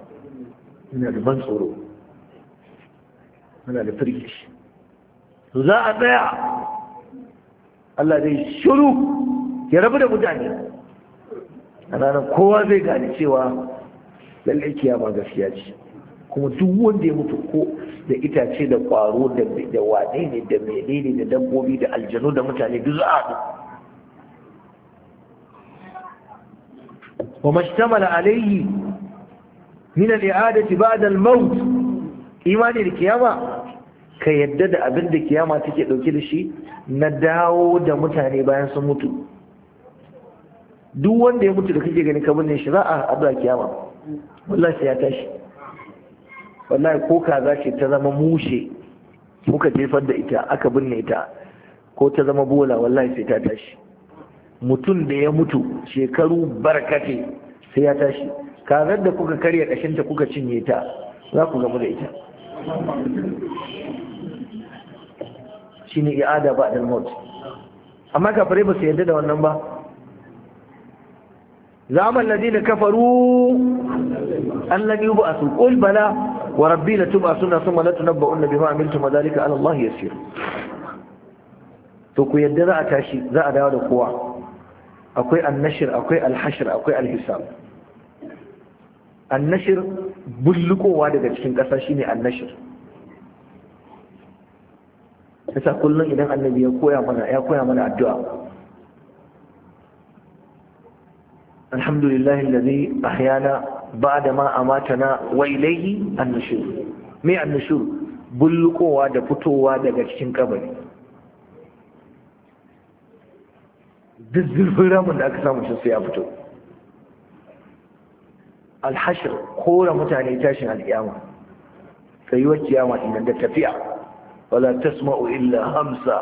yana da ban tsoro yana da firki. to za a tsaya Allah zai shiru ya rabu da mutane a kowa zai gane cewa lallai kiyama gaskiya ce kuma duk wanda ya mutu ko da itace da kwaro da wane ne da menene da dabbobi da aljanu da mutane duk za a وما اشتمل عليه من الإعادة بعد الموت إيماني الكيامة كيدد أبن الكيامة تكيدو كده شيء نداو دا متعني باين سموتو duk wanda ya mutu da kake gani ka ne shi za a kiyama wallahi sai ya tashi wallahi ko kaza ce ta zama mushe muka jefar da ita aka binne ta ko ta zama bola wallahi sai ta tashi mutum da ya mutu shekaru barkate sai ya tashi kazar da kuka karya kashinta kuka cinye ta za ku gamu da ita shi ne i'ada ba da mot amma kafare ba su yarda da wannan ba zaman lazi da kafaru An yi ba a su bala wa rabbi na tuba suna sun malatu na ba'un na bima amiltu ma zalika ala siya to ku yadda za a tashi za a dawo da kowa akwai annashir akwai alhashir akwai alhisab annashir bullukowa daga cikin ƙasa shine annashir yasa kullum idan annabi ya koya mana ya koya mana addu'a alhamdulillah alladhi ahyana ba'da ma amatana wa ilayhi annashur nushur me an bullukowa da fitowa daga cikin kabari الحشر قورة متعني تاشن على القيامة فيوى القيامة ولا تسمع إلا همسة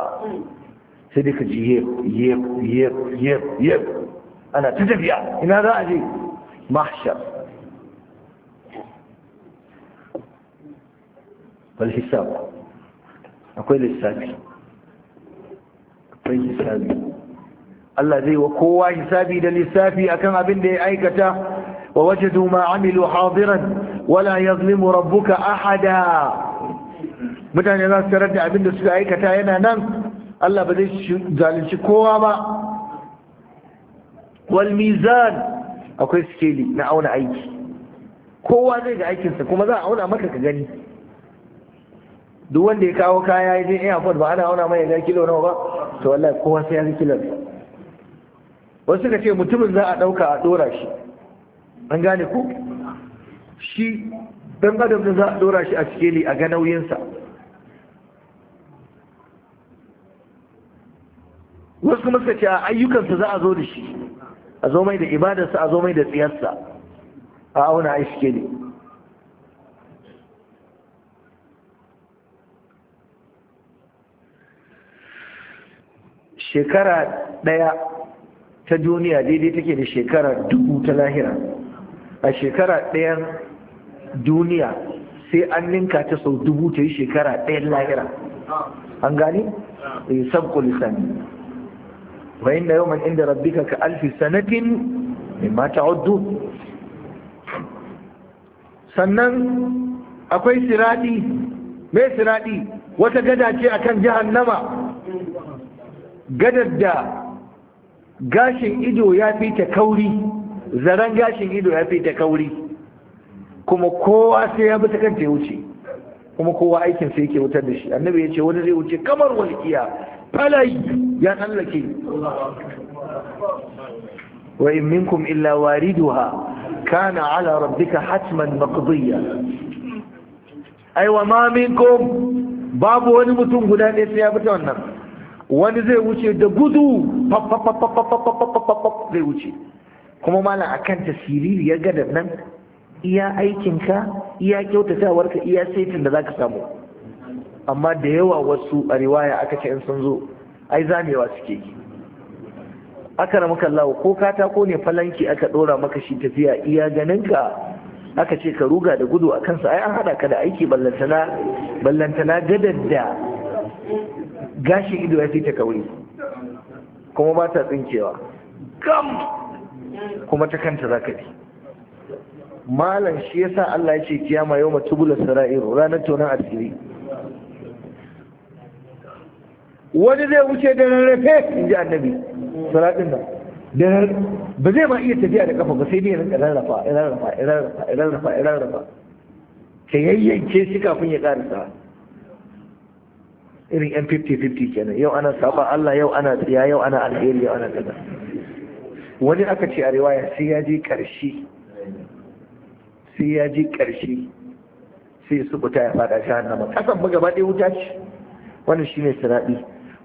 سيديك جيب يب يب يب أنا تتفيع إن هذا محشر والحساب أقول للسابق أقول للسابق Allah zai wa kowa hisabi da lissafi akan abin da ya aikata wa wajadu ma amilu hadiran wala yazlimu rabbuka ahada mutane za su tarar da abin da suka aikata yana nan Allah ba zai zalunci kowa ba wal mizan akwai sikeli na auna aiki kowa zai ga aikinsa kuma za a auna maka ka gani duk wanda ya kawo kaya ya je airport ba ana auna mai ya ga kilo nawa ba to wallahi kowa sai ya ga kilo wasu suka ce mutumin za a ɗauka a ɗora shi an gane ku shi ɗan adam da za a ɗora shi a sikeli a ga nauyinsa wasu kuma suka ce a ayyukansa za a zo da shi a zo mai da ibadarsa a zo mai da tsiyarsa a auna a sikeli shekara ɗaya ta duniya daidai take da shekara dubu ta lahira a shekara ɗayan duniya sai an ninka ta sau dubu ta yi shekara ɗayan lahira an gani? yi eh, sabko lissani bayan da yawon inda rabbika ka alfi sanatin mai mata hudu sannan akwai siradi mai siradi wata gada ce akan jihar nama gadar da gashin ido ya fi ta kauri zaren gashin ido ya fi ta kauri kuma kowa sai ya bi ta kanta ya wuce kuma kowa aikin sai yake wutar da shi annabi ya ce wani zai wuce kamar walƙiya falai ya tsallake wa in minkum illa wariduha kana ala rabbika hatman maqdiya ai wa ma minkum babu wani mutum guda ɗaya sai ya bi ta wannan wani zai wuce da gudu zai wuce kuma malam akan tasiriri ya gada nan iya aikinka iya kyautatawarka iya saitin da zaka samu amma da yawa wasu a riwaya aka ce in sun zo ai zamewa suke yi aka ramu kallawa ko katako ne falanki aka dora maka shi tafiya iya ganinka aka ce ka ruga da gudu a kansa ai an hada ka da aiki ballantana ballantana gadar da Gashi ido ya fi ta kauri kuma ba ta tsinkewa gam kuma ta kanta za ka ji malam shi ya sa Allah ya ce kiyama yau matubula sara'iru ranar tonan asiri wani zai wuce da rarrafe in ji annabi salatin nan ba zai ma iya tafiya da kafa ba sai dai rinka rarrafa rarrafa rarrafa rarrafa rarrafa Ka yayyanke shi kafin ya karasa irin yan 50-50 kenan yau ana saba Allah yau ana tsiya yau ana alheri yau ana kaza wani aka ce a riwaya sai ya ji karshe sai ya ji karshe sai su buta ya fada jahannama kasan ba gaba ɗaya wuta ce wannan shine sinadi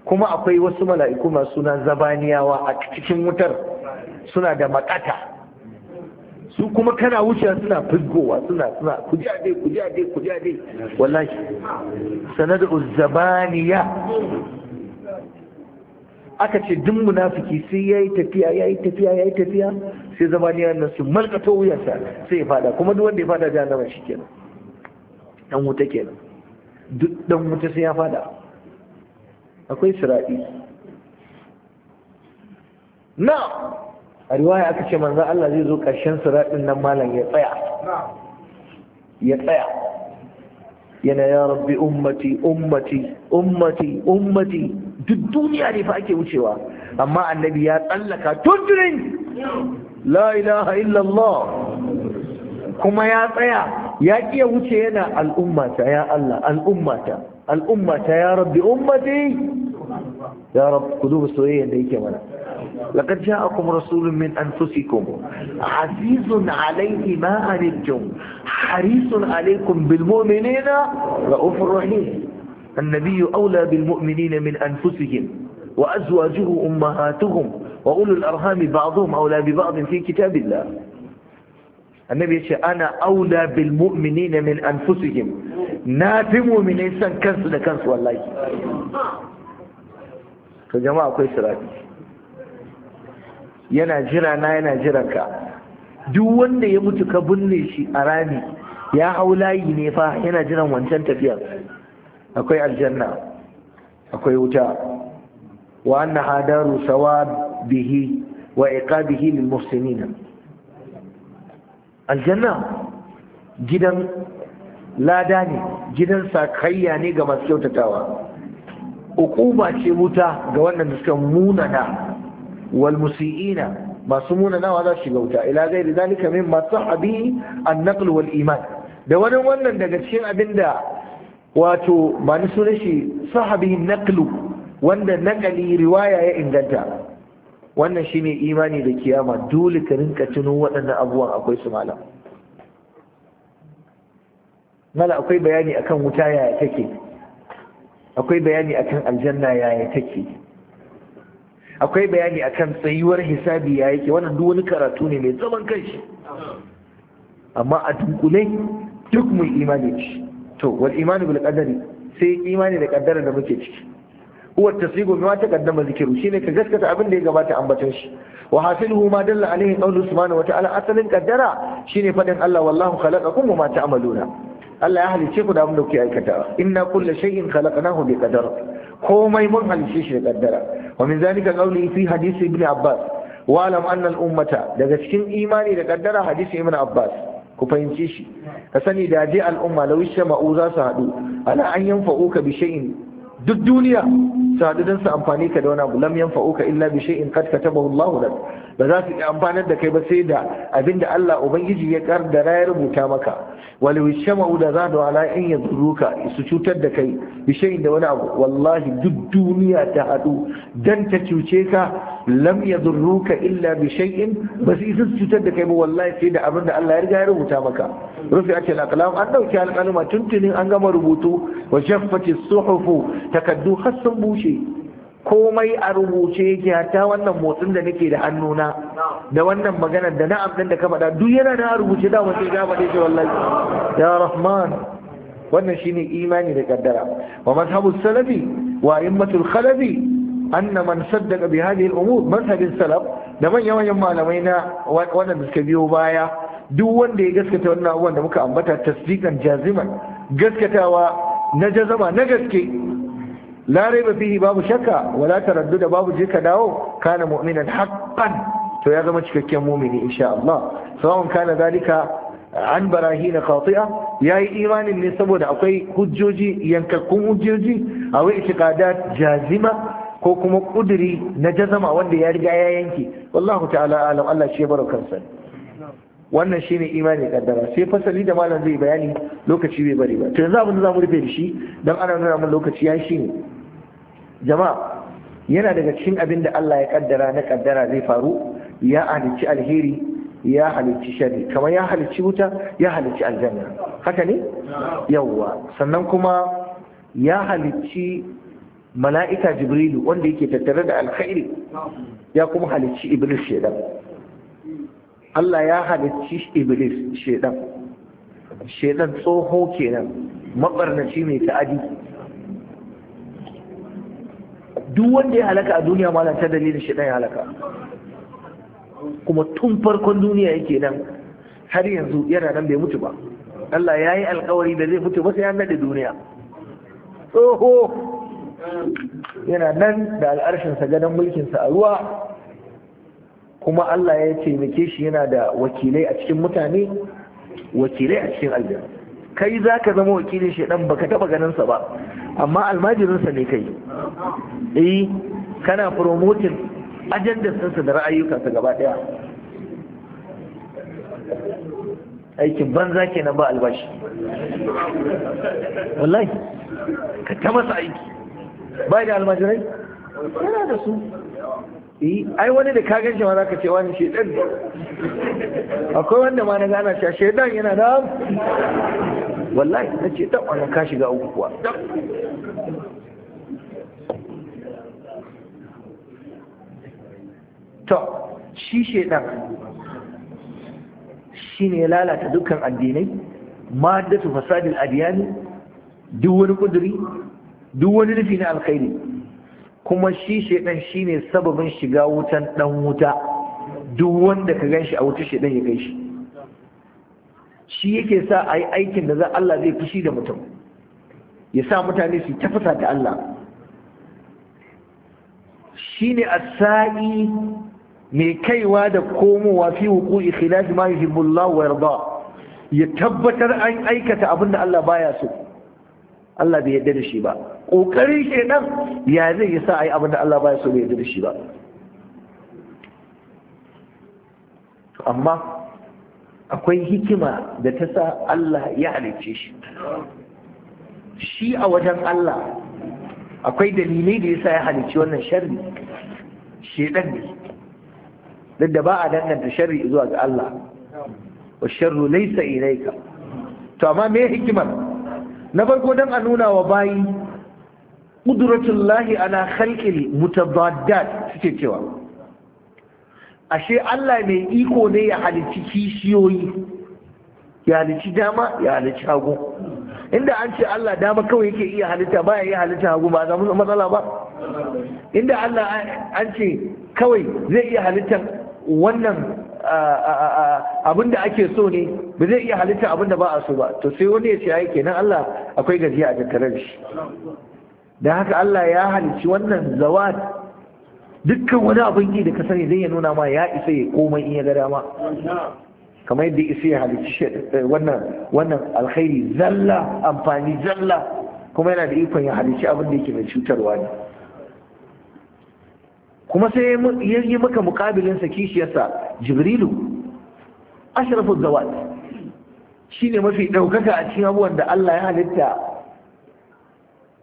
kuma akwai wasu mala'iku masu suna zabaniyawa a cikin wutar suna da makata su kuma kana wucewa suna fizgowa suna suna kujade dai kujade dai dai wallahi sanadu uzzabaniya aka ce duk munafiki sai yayi tafiya yayi tafiya yayi tafiya sai zabaniya nan su malkato wuyansa sai ya fada kuma duk wanda ya fada jahannama shikenan dan wuta kenan duk dan wuta sai ya fada akwai siradi na a riwaya aka ce manzan Allah zai zo ƙarshen siraɗin nan malam ya tsaya ya tsaya yana ya rabbi ummati ummati ummati ummati duk duniya ne fa ake wucewa amma annabi ya tsallaka tuntunin la ilaha illallah kuma ya tsaya ya iya wuce yana al'ummata ya Allah al'ummata al'ummata ya rabbi ummati ya rabbi ku duba soyayyen da yake mana لقد جاءكم رسول من أنفسكم عزيز عليه ما أنتم حريص عليكم بالمؤمنين رؤوف رحيم النبي أولى بالمؤمنين من أنفسهم وأزواجه أمهاتهم وأولو الأرهام بعضهم أولى ببعض في كتاب الله النبي أنا أولى بالمؤمنين من أنفسهم نافي من إنسان كنس لكنس والله فجماعة كويس راجل yana jira na yana jiran ka duk wanda ya mutu ka binne shi a rami ya hau layi ne fa yana jiran wancan tafiyar akwai aljanna akwai wuta wa anna hadaru sawabihi wa iqabihi lil muhsinina aljanna gidan lada ne gidan sakayya ne ga masu kyautatawa uquba ce wuta ga wannan da suka munana Walmusi'ina musiina masu munanawa za shiga wuta ila gairi zalika mimma sahha bihi an-naql wal iman da wani wannan daga cikin abinda wato ba ni sunan shi sahabi naqlu wanda naqali riwaya ya inganta wannan shine imani da kiyama dole ka rinka tuno waɗannan abubuwan akwai su malam mala akwai bayani akan wuta yaya take akwai bayani akan aljanna yaya take akwai bayani akan tsayuwar hisabi ya yake wannan duk wani karatu ne mai zaman kanshi amma a dunkule duk mu imani shi to wal imani bil qadari sai imani da kaddara da muke ciki huwa gobe ma taqaddama zikru shine ka gaskata abin da ya gabata ambaton shi wa hasiluhu ma dalla alaihi qawlu subhanahu wa ta'ala asalin qaddara shine fadin Allah wallahu khalaqakum wa ma ta'maluna Allah ya halice ku da abin da kuke aikata inna kullu shay'in khalaqnahu bi qadar komai mun halice shi da kaddara wa min zalika qawli fi hadisi ibn abbas wa alam anna al ummata daga cikin imani da kaddara hadisi ibn abbas ku fahimci shi ka sani da je al umma law za su hadu ala an yanfa'uka bi shay'in duk duniya su hadu dan su amfani ka da wani abu lam yanfa'uka illa bi shay'in qad katabahu Allah lak ba za su amfanar da kai ba sai da abinda Allah ubangiji ya kaddara ya rubuta maka walau shama'u da za da ala in yadruka su cutar da kai bishayin da wani abu wallahi duk duniya ta haɗu. dan ta cuce ka lam yadruka illa bishayin ba su isa su cutar da kai ba wallahi sai da abinda Allah ya riga ya rubuta maka rufi ake alƙalam an dauki alƙalama tuntunin an gama rubutu wa shaffati suhufu takaddu har sun bushe komai a rubuce yake hatta wannan motsin da nake da hannuna da wannan maganar da na'am din da ka faɗa duk yana da rubuce da wace ga faɗe shi wallahi ya rahman wannan shine imani da kaddara wa mazhabu salafi wa immatul khalafi anna man saddaqa bi hadhihi al-umur salaf da manyan manyan malamai na wannan da suka biyo baya duk wanda ya gaskata wannan abubuwan da muka ambata tasdiqan jaziman gaskatawa na jazama na gaske la raiba fihi babu shakka wala da babu jika dawo kana mu'minan haqqan to ya zama cikakken mu'mini insha Allah sawan kana zalika an barahina ya yi imanin ne saboda akwai hujjoji yankakkun hujjoji akwai itiqadat jazima ko kuma kuduri na jazama wanda ya riga ya yanke wallahu ta'ala alam Allah shi ya kansa wannan shine imani kaddara sai fasali da malam zai bayani lokaci bai bari ba to yanzu abinda da zamu rufe da shi dan ana nuna mun lokaci ya shi ne jama'a yana daga cikin abin da Allah ya kaddara na kaddara zai faru ya halicci alheri ya halicci shari kamar ya halicci wuta ya halicci aljanna haka ne yawwa sannan kuma ya halicci mala'ika jibrilu wanda yake tattare da alkhairi ya kuma halicci iblis shedan Allah ya halicci iblis shedan shedan tsoho kenan mabarnaci mai ta'adi duk wanda ya halaka a duniya ma ta dalilin shi ya halaka kuma tun farkon duniya yake nan har yanzu yana nan bai mutu ba Allah ya yi alkawari da zai mutu ba sai ya nade duniya tsoho yana nan da al'arshinsa gadon mulkinsa a ruwa kuma Allah ya taimake shi yana da wakilai a cikin mutane wakilai a cikin aljanna kai za ka zama wakilin shaidan baka taba ganinsa ba amma almajirinsa ne kai eh kana promoting sinsa da ra'ayyukansa gaba daya aikin banza kenan ba albashi wallahi ka ta masa aiki ba da almajirai yana da su eh ai wani da ka ganshi ma ka ce wani shedan akwai wanda ma na gana cewa shaidan yana da wallahi na ce ta wani ka shiga uku kuwa to shi shaidan shi ne lalata dukkan addinai ma su fasadin adiyani duk wani kuduri duk wani nufi na alkhairi kuma shi shaidan shine sababin shiga wutan dan wuta duk wanda ka shi a wuta shaidan ya kai shi shi yake sa a yi aikin da za Allah zai fushi da mutum ya sa mutane su tafasa da Allah shi ne a sa'i mai kaiwa da komowa fi hukuku ikhilafi ma yuhibbullahu wa ya tabbatar an aikata abin da Allah baya so Allah bai yarda da shi ba ƙoƙarin shedan ya zai yi sa a yi abin da Allah baya so bai yarda da shi ba amma akwai hikima da ta sa Allah ya halicce shi shi a wajen Allah akwai dalilai da yasa ya halicci wannan sharri shedan ne duk da ba a danganta sharri zuwa ga Allah wa sharru laysa ilayka to amma me hikimar na farko don a nuna wa bayi ana ala khalqil mutabaddat suke cewa ashe Allah mai iko ne ya halicci kishiyoyi ya halicci dama ya halicci hagu inda an ce Allah dama kawai yake iya halitta ba ya iya halitta hagu ba za mu matsala ba inda Allah an ce kawai zai iya halittar wannan abin da ake so ne ba zai iya halitta abin da ba a so ba to sai wani ya ce ai kenan Allah akwai gajiya a tattare da shi da haka Allah ya halicci wannan zawa dukkan wani abin yi da ka sani zai ya nuna ma ya isa ya komai in ya ga dama kamar yadda isa ya halicci eh, wannan alkhairi zalla amfani zalla kuma yana da ikon ya halici abin da yake mai cutarwa ne kuma sai ya yi maka mukabilin kishiyarsa jibrilu ashrafu zawat shine mafi daukaka a cikin abubuwan da Allah ya halitta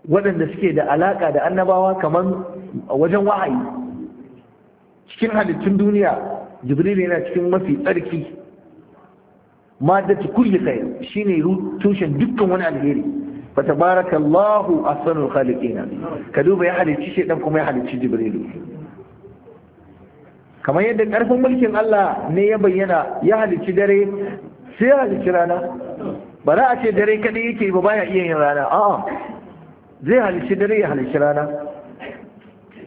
waɗanda suke da alaka da annabawa kamar wajen wahayi cikin halittun duniya jibrilu yana cikin mafi tsarki maddatu kulli khair shine tushen dukkan wani alheri fatabarakallahu ahsanul khaliqina ka duba ya halicci shedan kuma ya halicci jibrilu kamar yadda ƙarfin mulkin Allah ne ya bayyana ya halicci dare sai ya halicci rana ba za a ce dare kaɗai yake ba baya iya yin rana a'a zai halicci dare ya halicci rana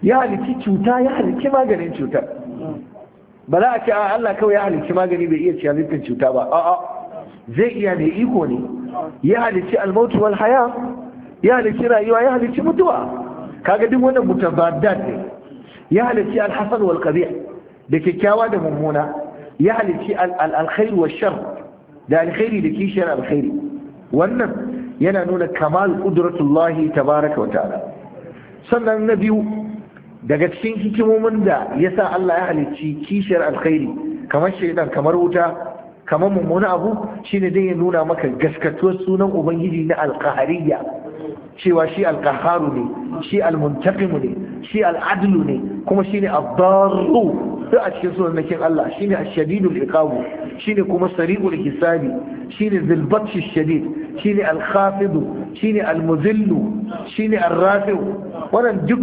ya halicci cuta ya halicci maganin cuta ba za a ce a Allah kawai ya halicci magani bai iya ci halittar cuta ba a'a zai iya mai iko ne ya halicci almautu wal haya ya halicci rayuwa ya halicci mutuwa kaga duk wannan mutabaddat ne ya halicci alhasan wal qabih da kyakkyawa da mummuna ya halicci alkhairi wa shar da alkhairi da kishiyar alkhairi wannan yana nuna kamal qudratullahi tabaraka wa ta'ala sannan na biyu daga cikin hikimomin da ya sa Allah ya halicci kishiyar alkhairi kamar shaidan kamar wuta kamar mummuna abu shine dai ya nuna maka gaskatuwar sunan ubangiji na alqahariya cewa shi alqaharu ne shi almuntaqimu ne shi al'adlu ne kuma shine ad-darru duk a cikin sunannakin Allah shine ash-shadidul iqabu shine kuma sari'ul hisabi shine zil batshi shadid shine al-khafid shine al-muzillu shine ar-rafi'u wannan duk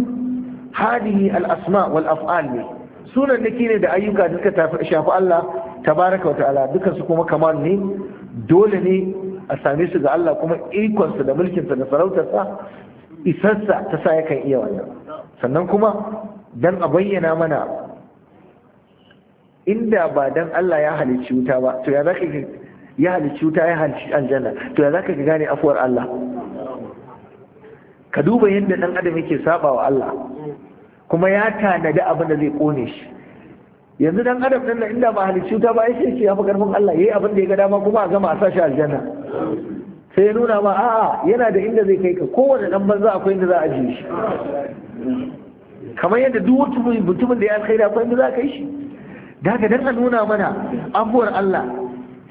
hadihi al-asma wal af'al ne sunannaki ne da ayyuka da suka shafi Allah ta wa ta'ala dukan su kuma kamal ne dole ne a same su ga Allah kuma ikonsa da mulkinsa da sarautarsa isarsa ta sa yakan iya wannan sannan kuma dan a bayyana mana inda ba dan Allah ya halicci wuta ba to ya zaka ya halicci wuta ya halicci aljanna to ya zaka gane afuwar Allah ka duba yadda dan adam yake saba wa Allah kuma ya tanadi abin da zai kone shi yanzu dan adam din nan inda ba halicci wuta ba ya ce ya fi karfin Allah yayi abin da ya ga dama kuma a gama a sashi aljanna sai ya nuna ma a'a yana da inda zai kai ka kowane dan banza akwai inda za a ji shi kamar yadda duk mutumin da ya alkhairi akwai inda za a kai shi da dan a nuna mana abuwar Allah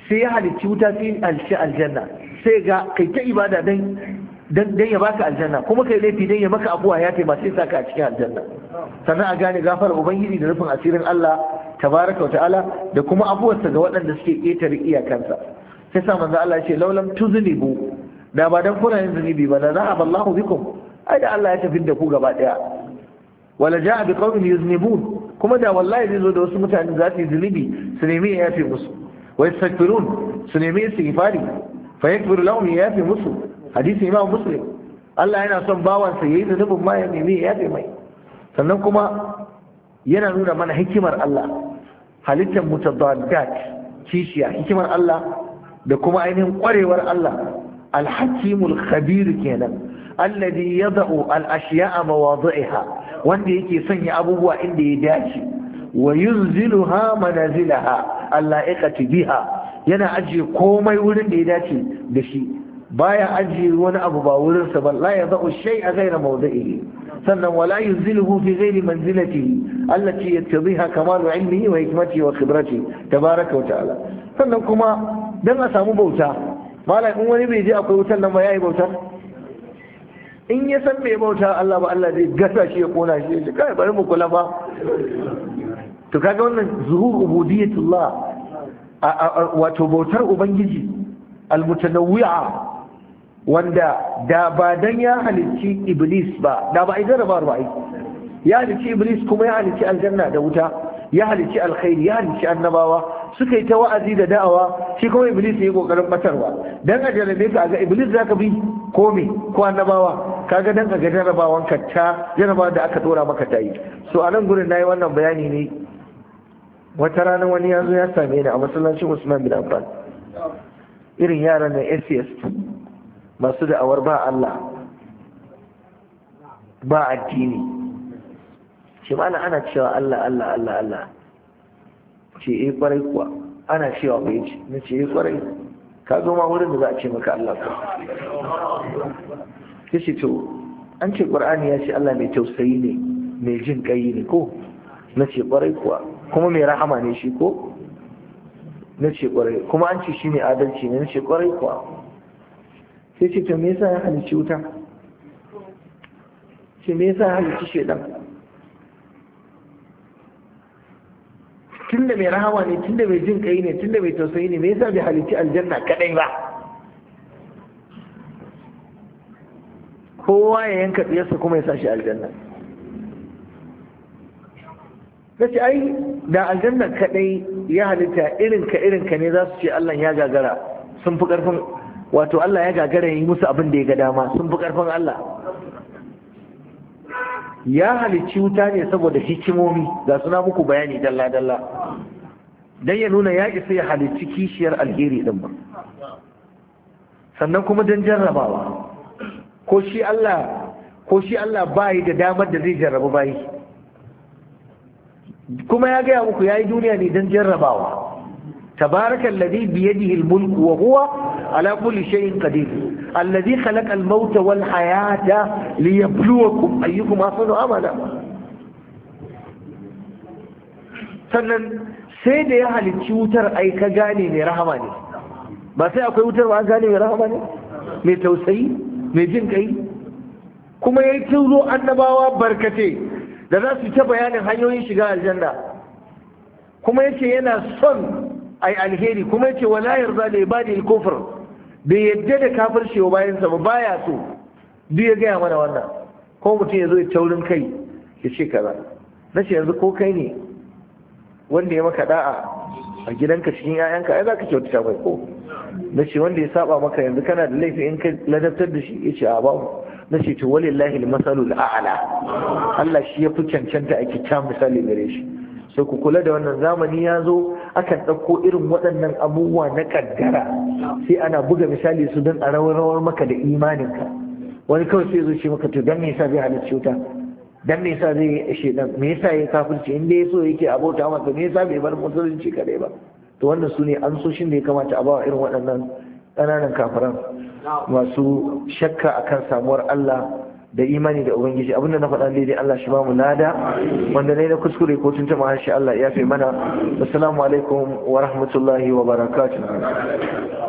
sai ya halicci wuta sai alshi aljanna sai ga kai ta ibada dan dan ya baka aljanna kuma kai laifi dan ya maka abuwa ya taimaka sai saka a cikin aljanna sannan a gane gafar ubangiji da rufin asirin Allah tabaraka wa ta'ala da kuma abuwarsa ga waɗanda suke ƙetare iyakansa sai sa manzo Allah ya ce laulam bu, da ba dan kuna yin zunubi ba da zahaba ballahu bikum ai da Allah ya tafi da ku gaba daya wala jaa bi qaumin yuznibun kuma da wallahi zai zo da wasu mutane za su yi zunubi su nemi ya yafe musu wai sakfirun su nemi su ifari fa yakfiru lahum ya yafe musu hadisi imam muslim Allah yana son bawansa yayi zunubin ma ya nemi ya yafe mai sannan kuma yana nuna mana hikimar Allah halittar mutadaddat kishiya hikimar Allah da kuma ainihin kwarewar Allah alhakimul khabir kenan alladhi yad'u al-ashya'a mawadhi'iha wanda yake sanya abubuwa inda ya dace wa yunziluha manazilaha allaiqati biha yana ajiye komai wurin da ya dace da shi baya ajiye wani abu ba wurin sa ba la yadau shay'a ghayra mawdi'ihi sannan wala yunziluhu fi ghairi manzilatihi allati yattabiha kamalu ilmihi wa hikmatihi wa khibratihi tabaraka wa ta'ala sannan kuma dan a samu bauta malai in wani bai je akwai wutar nan ba yayi bautar in ya san mai bauta Allah ba Allah zai gasa shi ya kona shi ya kai bari mu kula ba to kaga wannan zuhur ubudiyatullah wato bautar ubangiji almutanawwi'a wanda da ba dan ya halicci iblis ba da ba ai ba ai ya halicci iblis kuma ya halicci aljanna da wuta ya halicci alkhairi ya halicci annabawa suka yi ta wa'azi da da'awa shi kuma iblis ya kokarin batarwa dan a jarabe ka ga iblis zaka bi ko me ko annabawa kaga dan ga jarabawan ka ta jaraba da aka dora maka ta yi so a nan gurin nayi wannan bayani ne wata rana wani yanzu ya same ni a masallacin Usman bin Affan irin yaran na SCS masu da'awar ba Allah ba addini ce mana ana cewa Allah Allah Allah Allah ce yi eh, kwarai kuwa ana cewa bai ce na ce yi eh, kwarai ka zo ma wurin da za a ce maka Allah kuwa? ya ce to an ce ƙwar'ani ya ce Allah mai tausayi ne mai jin ƙayi ne ko na ce kwarai kuwa kuma mai rahama ne shi ko na ce kwarai kuma an ce shi ne adalci ne na ce kwarai kuwa sai ce to me yasa ya halicci wuta ce me yasa ya halicci shedan tunda mai rahama ne tunda mai jin kai ne tunda mai tausayi ne me yasa bai halici aljanna kadai ba kowa ya yanka tsiyarsa kuma ya sa shi aljanna ce ai da aljanna kadai ya halitta irinka irinka ne za su ce Allah ya gagara sun fi karfin wato Allah ya gagara ya yi musu abin da ya ga dama sun fi karfin Allah ya halicci wuta ne saboda hikimomi ga suna muku bayani dalla dalla dan ya nuna ya isa ya halicci kishiyar alheri din ba sannan kuma dan jarrabawa ko shi Allah ko shi da damar da zai jarraba bayi kuma ya gaya muku ya yi duniya ne dan jarrabawa Tabarakan tabarakallazi biyadihi al-mulku wa huwa ala kulli shay'in qadir alladhi khalaqa al-mauta wal hayata liyabluwakum ayyukum ahsanu amala sannan sai da ya halicci wutar ai ka gane mai rahama ne ba sai akwai wutar ba gane mai rahama ne mai tausayi mai jin kai kuma ya turo annabawa barkate da za su ta bayanin hanyoyin shiga aljanna kuma yace yana son ai alheri kuma yace wala yarda da ibadi al-kufr bai yadda da bayan bayansa ba baya so duk ya gaya mana wannan ko mutum ya zo ya taurin kai ya ce kaza na ce yanzu ko kai ne wanda ya maka da'a a gidanka cikin 'ya'yanka ai za ka kyautata mai ko na ce wanda ya saba maka yanzu kana da laifin in ka ladabtar da shi ya ce a babu na ce to walillahi masalul a'la Allah shi ya fi cancanta a kyakkyawan misali gare shi sai ku kula da wannan zamani ya zo akan ɗauko irin waɗannan abubuwa na ƙaddara sai ana buga misali su don a rawar maka da imaninka wani kawai sai zo ce maka to don me yasa zai halarci wuta Don me yasa zai shedan me yasa ya kafirci in dai so yake abota masa me yasa bai bar musulunci kadai ba to wannan su ne an so shi ne ya kamata a bawa irin waɗannan ƙananan kafiran masu shakka akan samuwar Allah da imani da ubangiji abinda na faɗa daidai Allah shi ba mu lada wanda ne na kuskure ko tun tama shi Allah ya fi mana assalamu alaikum wa rahmatullahi wa barakatuh